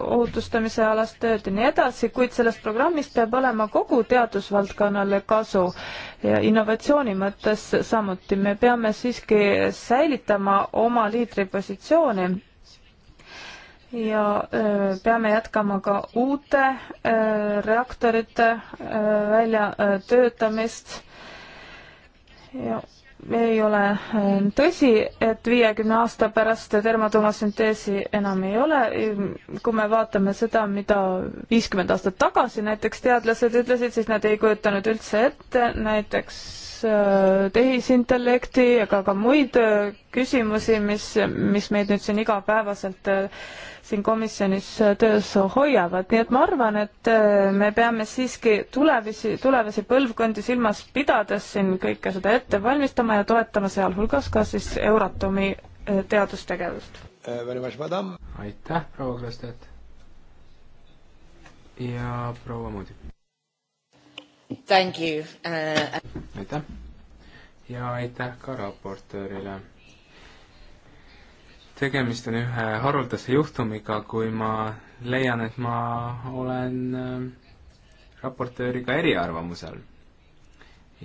ohutustamise alast tööd ja nii edasi, kuid sellest programmist peab olema kogu teadusvaldkonnale kasu ja innovatsiooni mõttes samuti. me peame siiski säilitama oma liidripositsiooni ja öö, peame jätkama ka uute öö, reaktorite väljatöötamist. ja ei ole tõsi, et viiekümne aasta pärast termotuumasünteesi enam ei ole. kui me vaatame seda, mida viiskümmend aastat tagasi näiteks teadlased ütlesid, siis nad ei kujutanud üldse ette näiteks Äh, tehisintellekti, aga ka muid äh, küsimusi, mis, mis meid nüüd siin igapäevaselt äh, siin komisjonis töös hoiavad, nii et ma arvan, et me peame siiski tulevisi, tulevasi põlvkondi silmas pidades siin kõike seda ette valmistama ja toetama sealhulgas ka siis Euratomi teadustegevust. aitäh, proua Krõstet! ja proua Moodi! Thank you uh.... aitäh ja aitäh ka raportöörile. tegemist on ühe haruldase juhtumiga, kui ma leian, et ma olen äh, raportööriga eriarvamusel.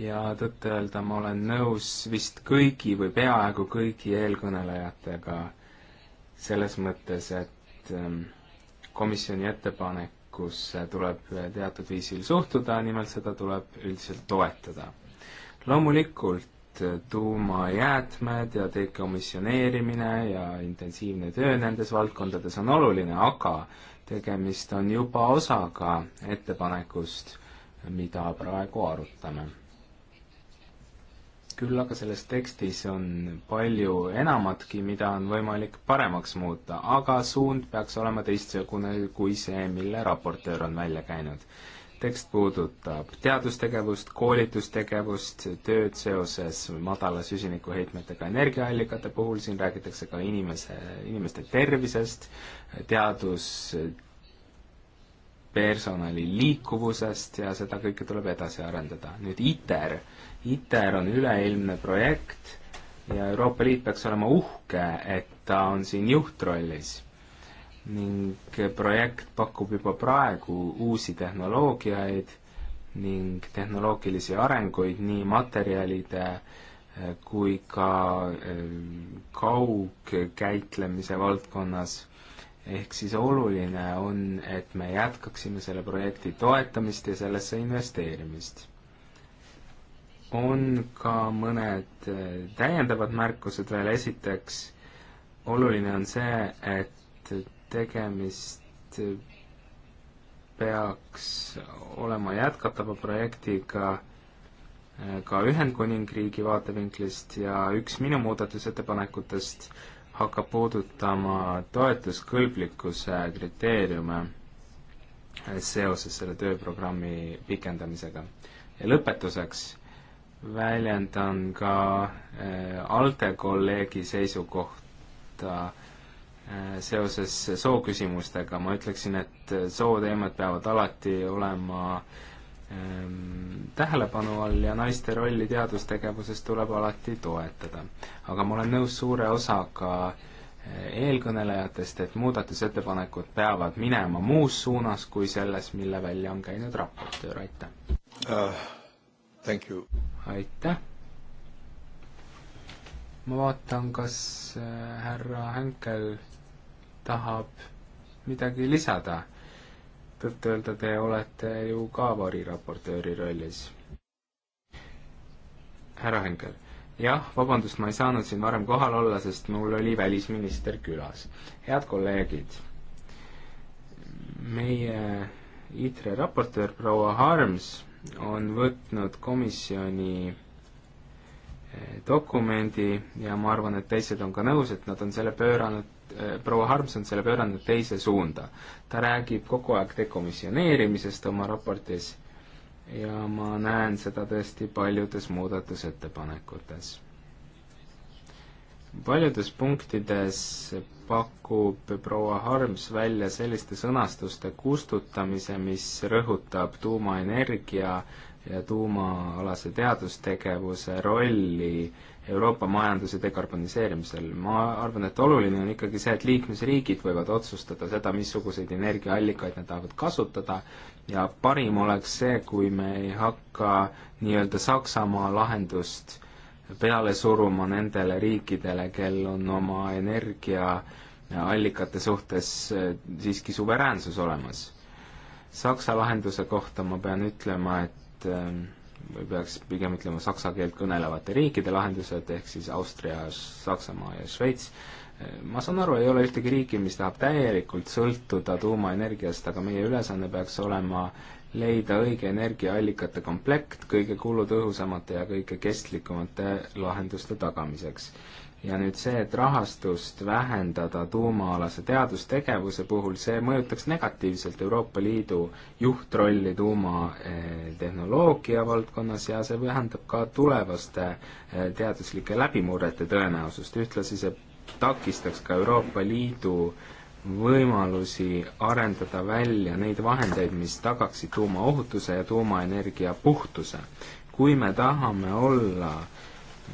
ja tõtt-öelda ma olen nõus vist kõigi või peaaegu kõigi eelkõnelejatega selles mõttes, et äh, komisjoni ettepanek tulevikkusse tuleb teatud viisil suhtuda, nimelt seda tuleb üldiselt toetada. loomulikult tuumajäätmed ja dekomisjoneerimine ja intensiivne töö nendes valdkondades on oluline, aga tegemist on juba osaga ettepanekust, mida praegu arutame küll aga selles tekstis on palju enamatki, mida on võimalik paremaks muuta, aga suund peaks olema teistsugune kui see, mille raportöör on välja käinud. tekst puudutab teadustegevust, koolitustegevust, tööd seoses madala süsinikuheitmetega energiaallikate puhul, siin räägitakse ka inimese, inimeste tervisest, teadus, personali liikuvusest ja seda kõike tuleb edasi arendada. nüüd ITER ITER on üleilmne projekt ja Euroopa Liit peaks olema uhke, et ta on siin juhtrollis. ning projekt pakub juba praegu uusi tehnoloogiaid ning tehnoloogilisi arenguid nii materjalide eh, kui ka eh, kaugkäitlemise valdkonnas. ehk siis oluline on, et me jätkaksime selle projekti toetamist ja sellesse investeerimist on ka mõned äh, täiendavad märkused veel, esiteks oluline on see, et tegemist peaks olema jätkatava projektiga äh, ka Ühendkuningriigi vaatevinklist ja üks minu muudatusettepanekutest hakkab puudutama toetuskõlblikkuse kriteeriume äh, seoses selle tööprogrammi pikendamisega. ja lõpetuseks väljendan ka äh, ALDE kolleegi seisukohta äh, seoses sooküsimustega, ma ütleksin, et äh, sooteemad peavad alati olema ähm, tähelepanu all ja naiste rolli teadustegevuses tuleb alati toetada. aga ma olen nõus suure osaga eelkõnelejatest, et muudatusettepanekud peavad minema muus suunas kui selles, mille välja on käinud raportöör, aitäh uh,! aitäh! ma vaatan, kas äh, härra Henkel tahab midagi lisada. tõtt-öelda te olete ju ka variraportööri rollis. härra Henkel, jah, vabandust, ma ei saanud siin varem kohal olla, sest mul oli välisminister külas. head kolleegid, meie ITRE raportöör proua Harms on võtnud komisjoni eh, dokumendi ja ma arvan, et teised on ka nõus, et nad on selle pööranud, eh, proua Harms on selle pööranud teise suunda. ta räägib kogu aeg dekomisjoneerimisest oma raportis ja ma näen seda tõesti paljudes muudatusettepanekutes. paljudes punktides pakub proua Harms välja selliste sõnastuste kustutamise, mis rõhutab tuumaenergia ja tuumaalase teadustegevuse rolli Euroopa majanduse dekarboniseerimisel. ma arvan, et oluline on ikkagi see, et liikmesriigid võivad otsustada seda, missuguseid energiaallikaid nad tahavad kasutada ja parim oleks see, kui me ei hakka nii-öelda Saksamaa lahendust peale suruma nendele riikidele, kel on oma energiaallikate suhtes äh, siiski suveräänsus olemas. Saksa lahenduse kohta ma pean ütlema, et äh, või peaks pigem ütlema saksa keelt kõnelevate riikide lahendused, ehk siis Austria, Saksamaa ja Šveits, äh, ma saan aru, ei ole ühtegi riiki, mis tahab täielikult sõltuda tuumaenergiast, aga meie ülesanne peaks olema äh, leida õige energiaallikate komplekt kõige kulutõhusamate ja kõige kestlikumate lahenduste tagamiseks. ja nüüd see, et rahastust vähendada tuumaalase teadustegevuse puhul, see mõjutaks negatiivselt Euroopa Liidu juhtrolli tuumatehnoloogia valdkonnas ja see vähendab ka tulevaste eh, teaduslike läbimurrete tõenäosust, ühtlasi see takistaks ka Euroopa Liidu äh, võimalusi arendada välja neid vahendeid, mis tagaksid tuumaohutuse ja tuumaenergia puhtuse. kui me tahame olla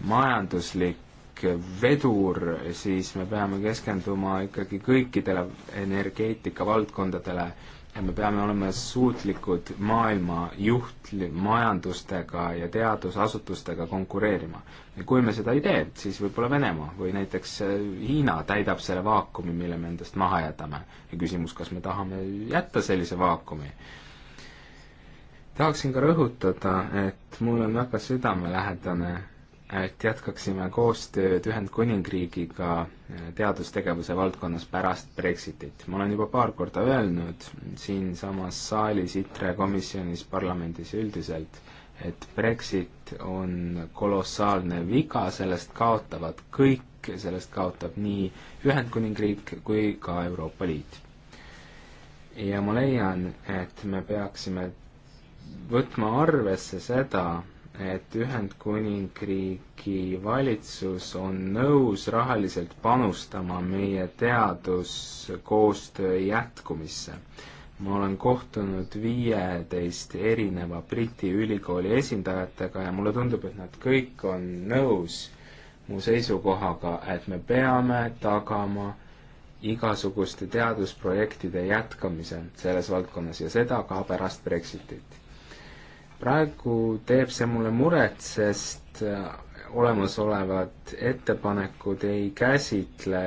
majanduslik vedur, siis me peame keskenduma ikkagi kõikidele energeetika valdkondadele ja me peame olema suutlikud maailma juhtmajandustega ja teadusasutustega konkureerima. ja kui me seda ei tee, siis võib-olla Venemaa või näiteks äh, Hiina täidab selle vaakumi, mille me endast maha jätame. ja küsimus, kas me tahame jätta sellise vaakumi? tahaksin ka rõhutada, et mul on väga südamelähedane et jätkaksime koostööd Ühendkuningriigiga äh, teadustegevuse valdkonnas pärast Brexitit. ma olen juba paar korda öelnud siinsamas saalis, ITRE komisjonis, parlamendis üldiselt, et Brexit on kolossaalne viga, sellest kaotavad kõik, sellest kaotab nii Ühendkuningriik kui ka Euroopa Liit. ja ma leian, et me peaksime võtma arvesse seda, et Ühendkuningriigi valitsus on nõus rahaliselt panustama meie teaduskoostöö jätkumisse. ma olen kohtunud viieteist erineva Briti ülikooli esindajatega ja mulle tundub, et nad kõik on nõus mu seisukohaga, et me peame tagama igasuguste teadusprojektide jätkamise selles valdkonnas ja seda ka pärast Brexitit praegu teeb see mulle muret, sest äh, olemasolevad ettepanekud ei käsitle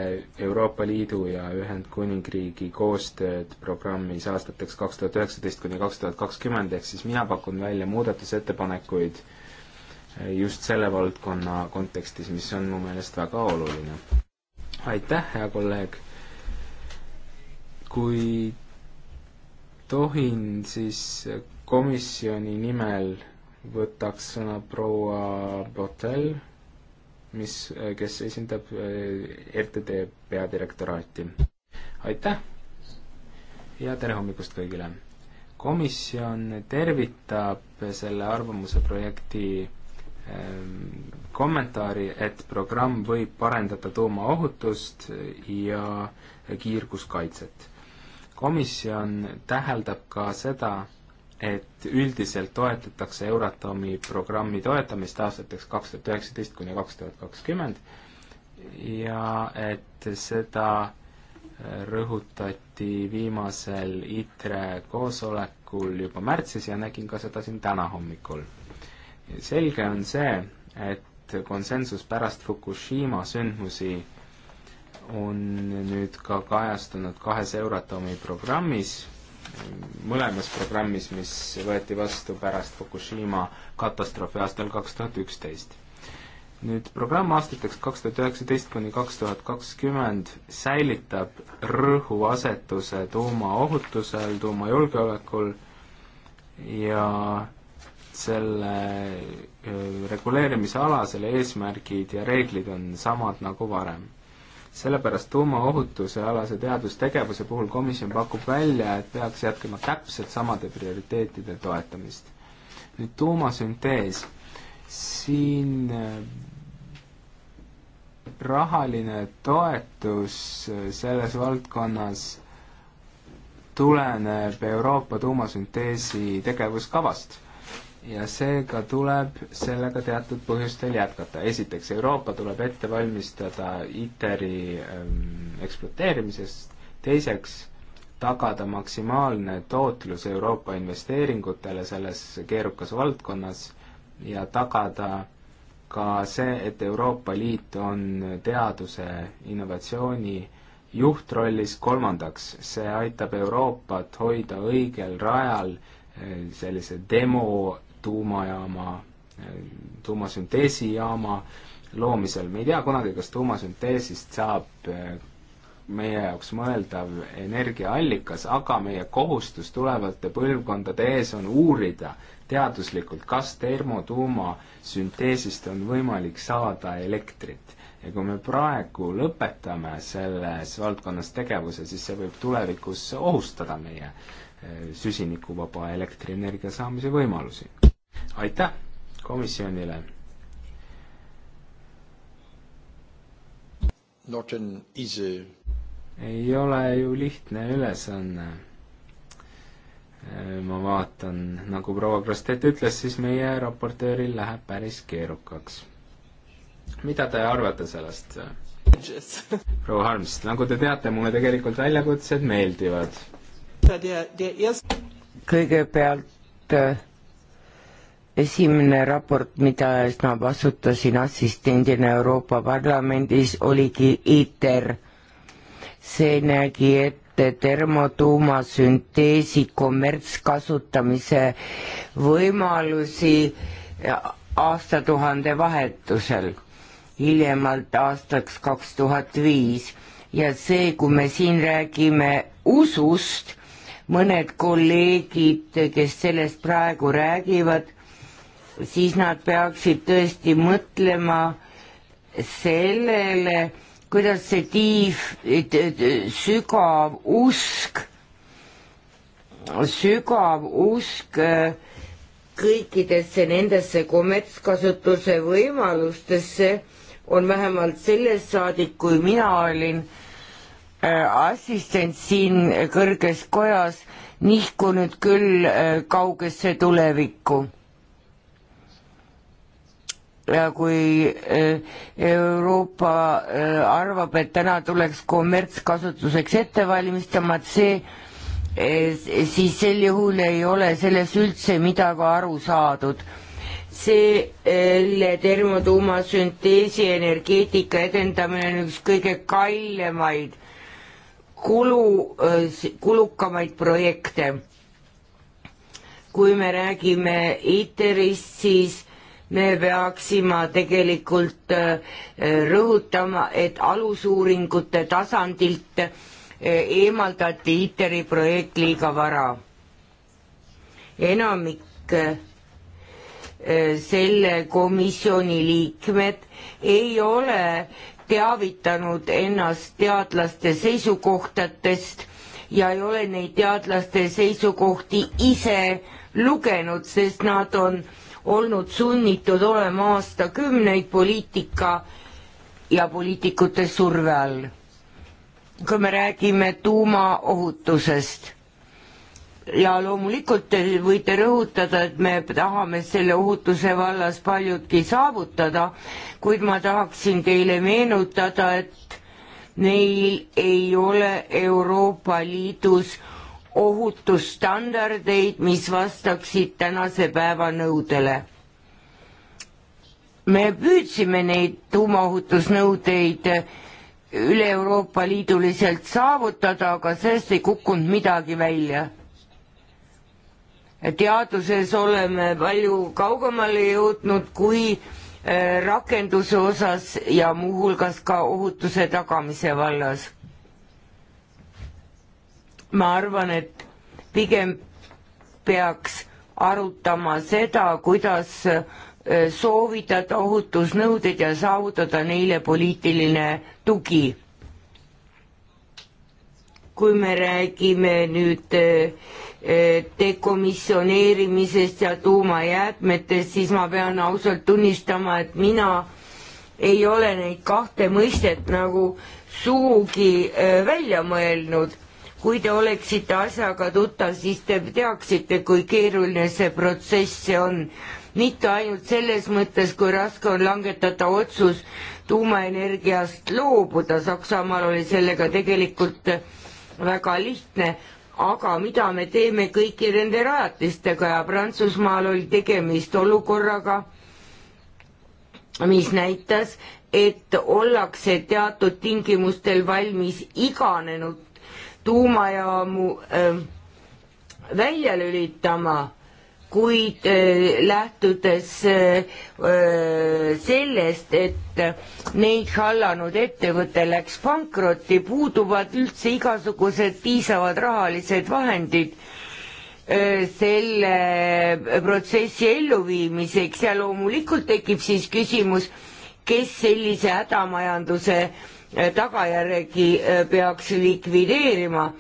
Euroopa Liidu ja Ühendkuningriigi koostööd programmis aastateks kaks tuhat üheksateist kuni kaks tuhat kakskümmend, ehk siis mina pakun välja muudatusettepanekuid äh, just selle valdkonna kontekstis, mis on mu meelest väga oluline. aitäh, hea kolleeg! kui tohin, siis komisjoni nimel võtaks sõna proua Botel, mis, kes esindab eh, RTD peadirektoraati. aitäh ja tere hommikust kõigile! komisjon tervitab selle arvamuse projekti eh, kommentaari, et programm võib parendada tuumaohutust ja kiirguskaitset. komisjon täheldab ka seda, et üldiselt toetatakse Euratomi programmi toetamist aastateks kaks tuhat üheksateist kuni kaks tuhat kakskümmend ja et seda äh, rõhutati viimasel ITRE koosolekul juba märtsis ja nägin ka seda siin täna hommikul. selge on see, et konsensus pärast Fukushima sündmusi on nüüd ka kajastunud kahes Euratomi programmis mõlemas programmis, mis võeti vastu pärast Fukushima katastroofi aastal kaks tuhat üksteist. nüüd programm aastateks kaks tuhat üheksateist kuni kaks tuhat kakskümmend säilitab rõhuasetuse tuumaohutusel, tuumajulgeolekul ja selle äh, reguleerimise ala, selle eesmärgid ja reeglid on samad nagu varem sellepärast tuumaohutuse alase teadustegevuse puhul komisjon pakub välja, et peaks jätkama täpselt samade prioriteetide toetamist. nüüd tuumasüntees, siin äh, rahaline toetus äh, selles valdkonnas tuleneb Euroopa tuumasünteesi tegevuskavast ja seega tuleb sellega teatud põhjustel jätkata. esiteks, Euroopa tuleb ette valmistada ITER-i ähm, ekspluateerimisest, teiseks, tagada maksimaalne tootlus Euroopa investeeringutele selles keerukas valdkonnas ja tagada ka see, et Euroopa Liit on teaduse, innovatsiooni juhtrollis kolmandaks, see aitab Euroopat hoida õigel rajal äh, sellise demo tuumajaama, tuumasünteesijaama loomisel, me ei tea kunagi, kas tuumasünteesist saab eh, meie jaoks mõeldav energiaallikas, aga meie kohustus tulevaste põlvkondade ees on uurida teaduslikult, kas termotuumasünteesist on võimalik saada elektrit. ja kui me praegu lõpetame selles valdkonnas tegevuse, siis see võib tulevikus ohustada meie eh, süsinikuvaba elektrienergia saamise võimalusi aitäh komisjonile. Not an easy ei ole ju lihtne ülesanne. Äh, ma vaatan, nagu proua Krostet ütles, siis meie raportööril läheb päris keerukaks. mida te arvate sellest? Äh? proua Harms, nagu te teate, mulle tegelikult väljakutsed meeldivad. kõigepealt äh, esimene raport, mida ma vastutasin assistendina Euroopa Parlamendis, oligi ITER. see nägi ette termotuumasünteesi kommertskasutamise võimalusi aastatuhande vahetusel, hiljemalt aastaks kaks tuhat viis. ja see, kui me siin räägime usust, mõned kolleegid, kes sellest praegu räägivad, siis nad peaksid tõesti mõtlema sellele, kuidas see tiif, sügav usk, sügav usk äh, kõikidesse nendesse kommertskasutuse võimalustesse on vähemalt sellest saadik, kui mina olin äh, assistent siin kõrges kojas, nihkunud küll äh, kaugesse tulevikku ja kui eh, Euroopa eh, arvab, et täna tuleks kommertskasutuseks ette valmistama, et see, eh, siis sel juhul ei ole selles üldse midagi aru saadud. selle termotuumasünteesi energeetika edendamine on üks kõige kallimaid, kulu, kulukamaid projekte. kui me räägime ITER-ist, siis me peaksime tegelikult äh, rõhutama, et alusuuringute tasandilt äh, eemaldati ITER-i projekt liiga vara. enamik äh, selle komisjoni liikmed ei ole teavitanud ennast teadlaste seisukohtadest ja ei ole neid teadlaste seisukohti ise lugenud, sest nad on äh, olnud sunnitud olema aastakümneid poliitika ja poliitikute surve all. kui me räägime tuumaohutusest ja loomulikult te võite rõhutada, et me tahame selle ohutuse vallas paljudki saavutada, kuid ma tahaksin teile meenutada, et neil ei ole Euroopa Liidus ohutusstandardeid, mis vastaksid tänase päeva nõudele. me püüdsime neid tuumaohutusnõudeid üle Euroopa Liiduliselt saavutada, aga sellest ei kukkunud midagi välja. teaduses oleme palju kaugemale jõudnud kui äh, rakenduse osas ja muuhulgas ka ohutuse tagamise vallas ma arvan, et pigem peaks arutama seda, kuidas äh, soovitada ohutusnõuded ja saavutada neile poliitiline tugi. kui me räägime nüüd äh, äh, dekomissioneerimisest ja tuumajäätmetest, siis ma pean ausalt tunnistama, et mina ei ole neid kahte mõistet nagu sugugi välja mõelnud kui te oleksite asjaga tuttav, siis te teaksite, kui keeruline see protsess see on. mitte ainult selles mõttes, kui raske on langetada otsus tuumaenergiast loobuda, Saksamaal oli sellega tegelikult väga lihtne, aga mida me teeme kõigi nende rajatistega ja Prantsusmaal oli tegemist olukorraga, mis näitas, et ollakse teatud tingimustel valmis iganenud tuumajaamu ähm, välja lülitama, kuid äh, lähtudes äh, äh, sellest, et neid hallanud ettevõte läks pankrotti, puuduvad üldse igasugused piisavad rahalised vahendid selle protsessi elluviimiseks ja loomulikult tekib siis küsimus, kes sellise hädamajanduse Äh, tagajärgi äh, peaks likvideerima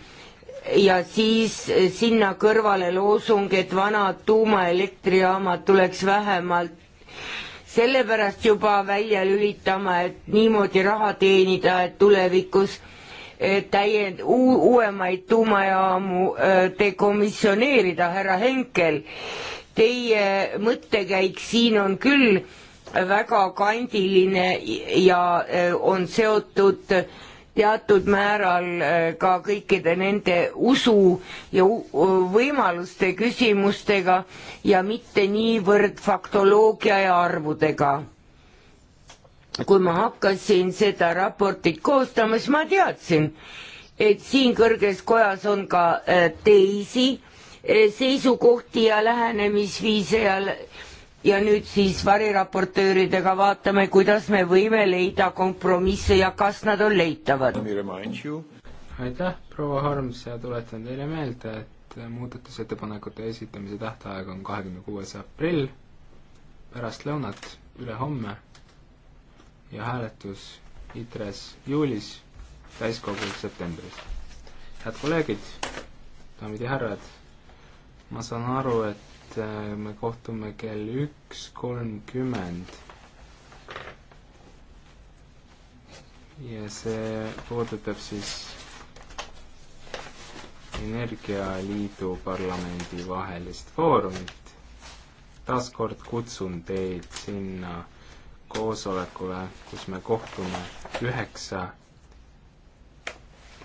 ja siis äh, sinna kõrvale loosung, et vanad tuumaelektrijaamad tuleks vähemalt sellepärast juba välja lülitama, et niimoodi raha teenida, et tulevikus täiend-, uuemaid tuumajaamu dekomisjoneerida, härra Henkel. Teie mõttekäik siin on küll äh, väga kandiline ja e, on seotud teatud määral e, ka kõikide nende usu ja võimaluste küsimustega ja mitte niivõrd faktoloogia ja arvudega. kui ma hakkasin seda raportit koostama, siis ma teadsin, et siin kõrges kojas on ka e, teisi seisukohti ja lähenemisviise ja ja nüüd siis variraportööridega vaatame, kuidas me võime leida kompromisse ja kas nad on leitavad. aitäh, proua Harms ja tuletan teile meelde, et muudatusettepanekute esitamise tähtaeg on kahekümne kuues aprill pärastlõunat, ülehomme ja hääletus ITRES juulis, täiskogul septembris. head kolleegid, daamid ja härrad, ma saan aru, et et äh, me kohtume kell üks kolmkümmend. ja see puudutab siis Energialiidu parlamendi vahelist foorumit. taaskord kutsun teid sinna koosolekule, kus me kohtume üheksa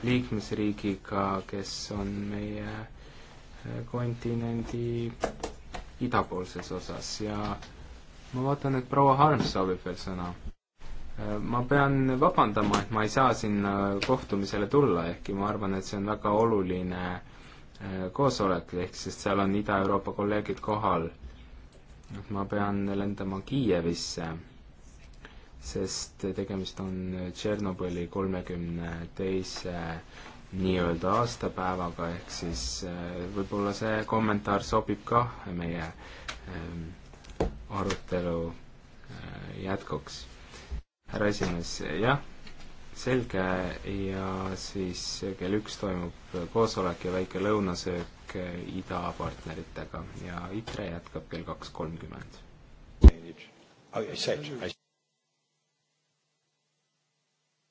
liikmesriigiga, kes on meie äh, kontinendi idapoolses osas ja ma vaatan, et proua Harms soovib veel sõna. ma pean vabandama, et ma ei saa sinna kohtumisele tulla, ehkki ma arvan, et see on väga oluline äh, koosolek, ehk sest seal on Ida-Euroopa kolleegid kohal. et ma pean lendama Kiievisse, sest tegemist on Tšernobõli kolmekümne teise nii-öelda aastapäevaga, ehk siis äh, võib-olla see kommentaar sobib ka meie ähm, arutelu äh, jätkuks. härra esimees, jah, selge ja siis kell üks toimub koosolek ja väike lõunasöök äh, idapartneritega ja ITRE jätkab kell kaks kolmkümmend. Oh,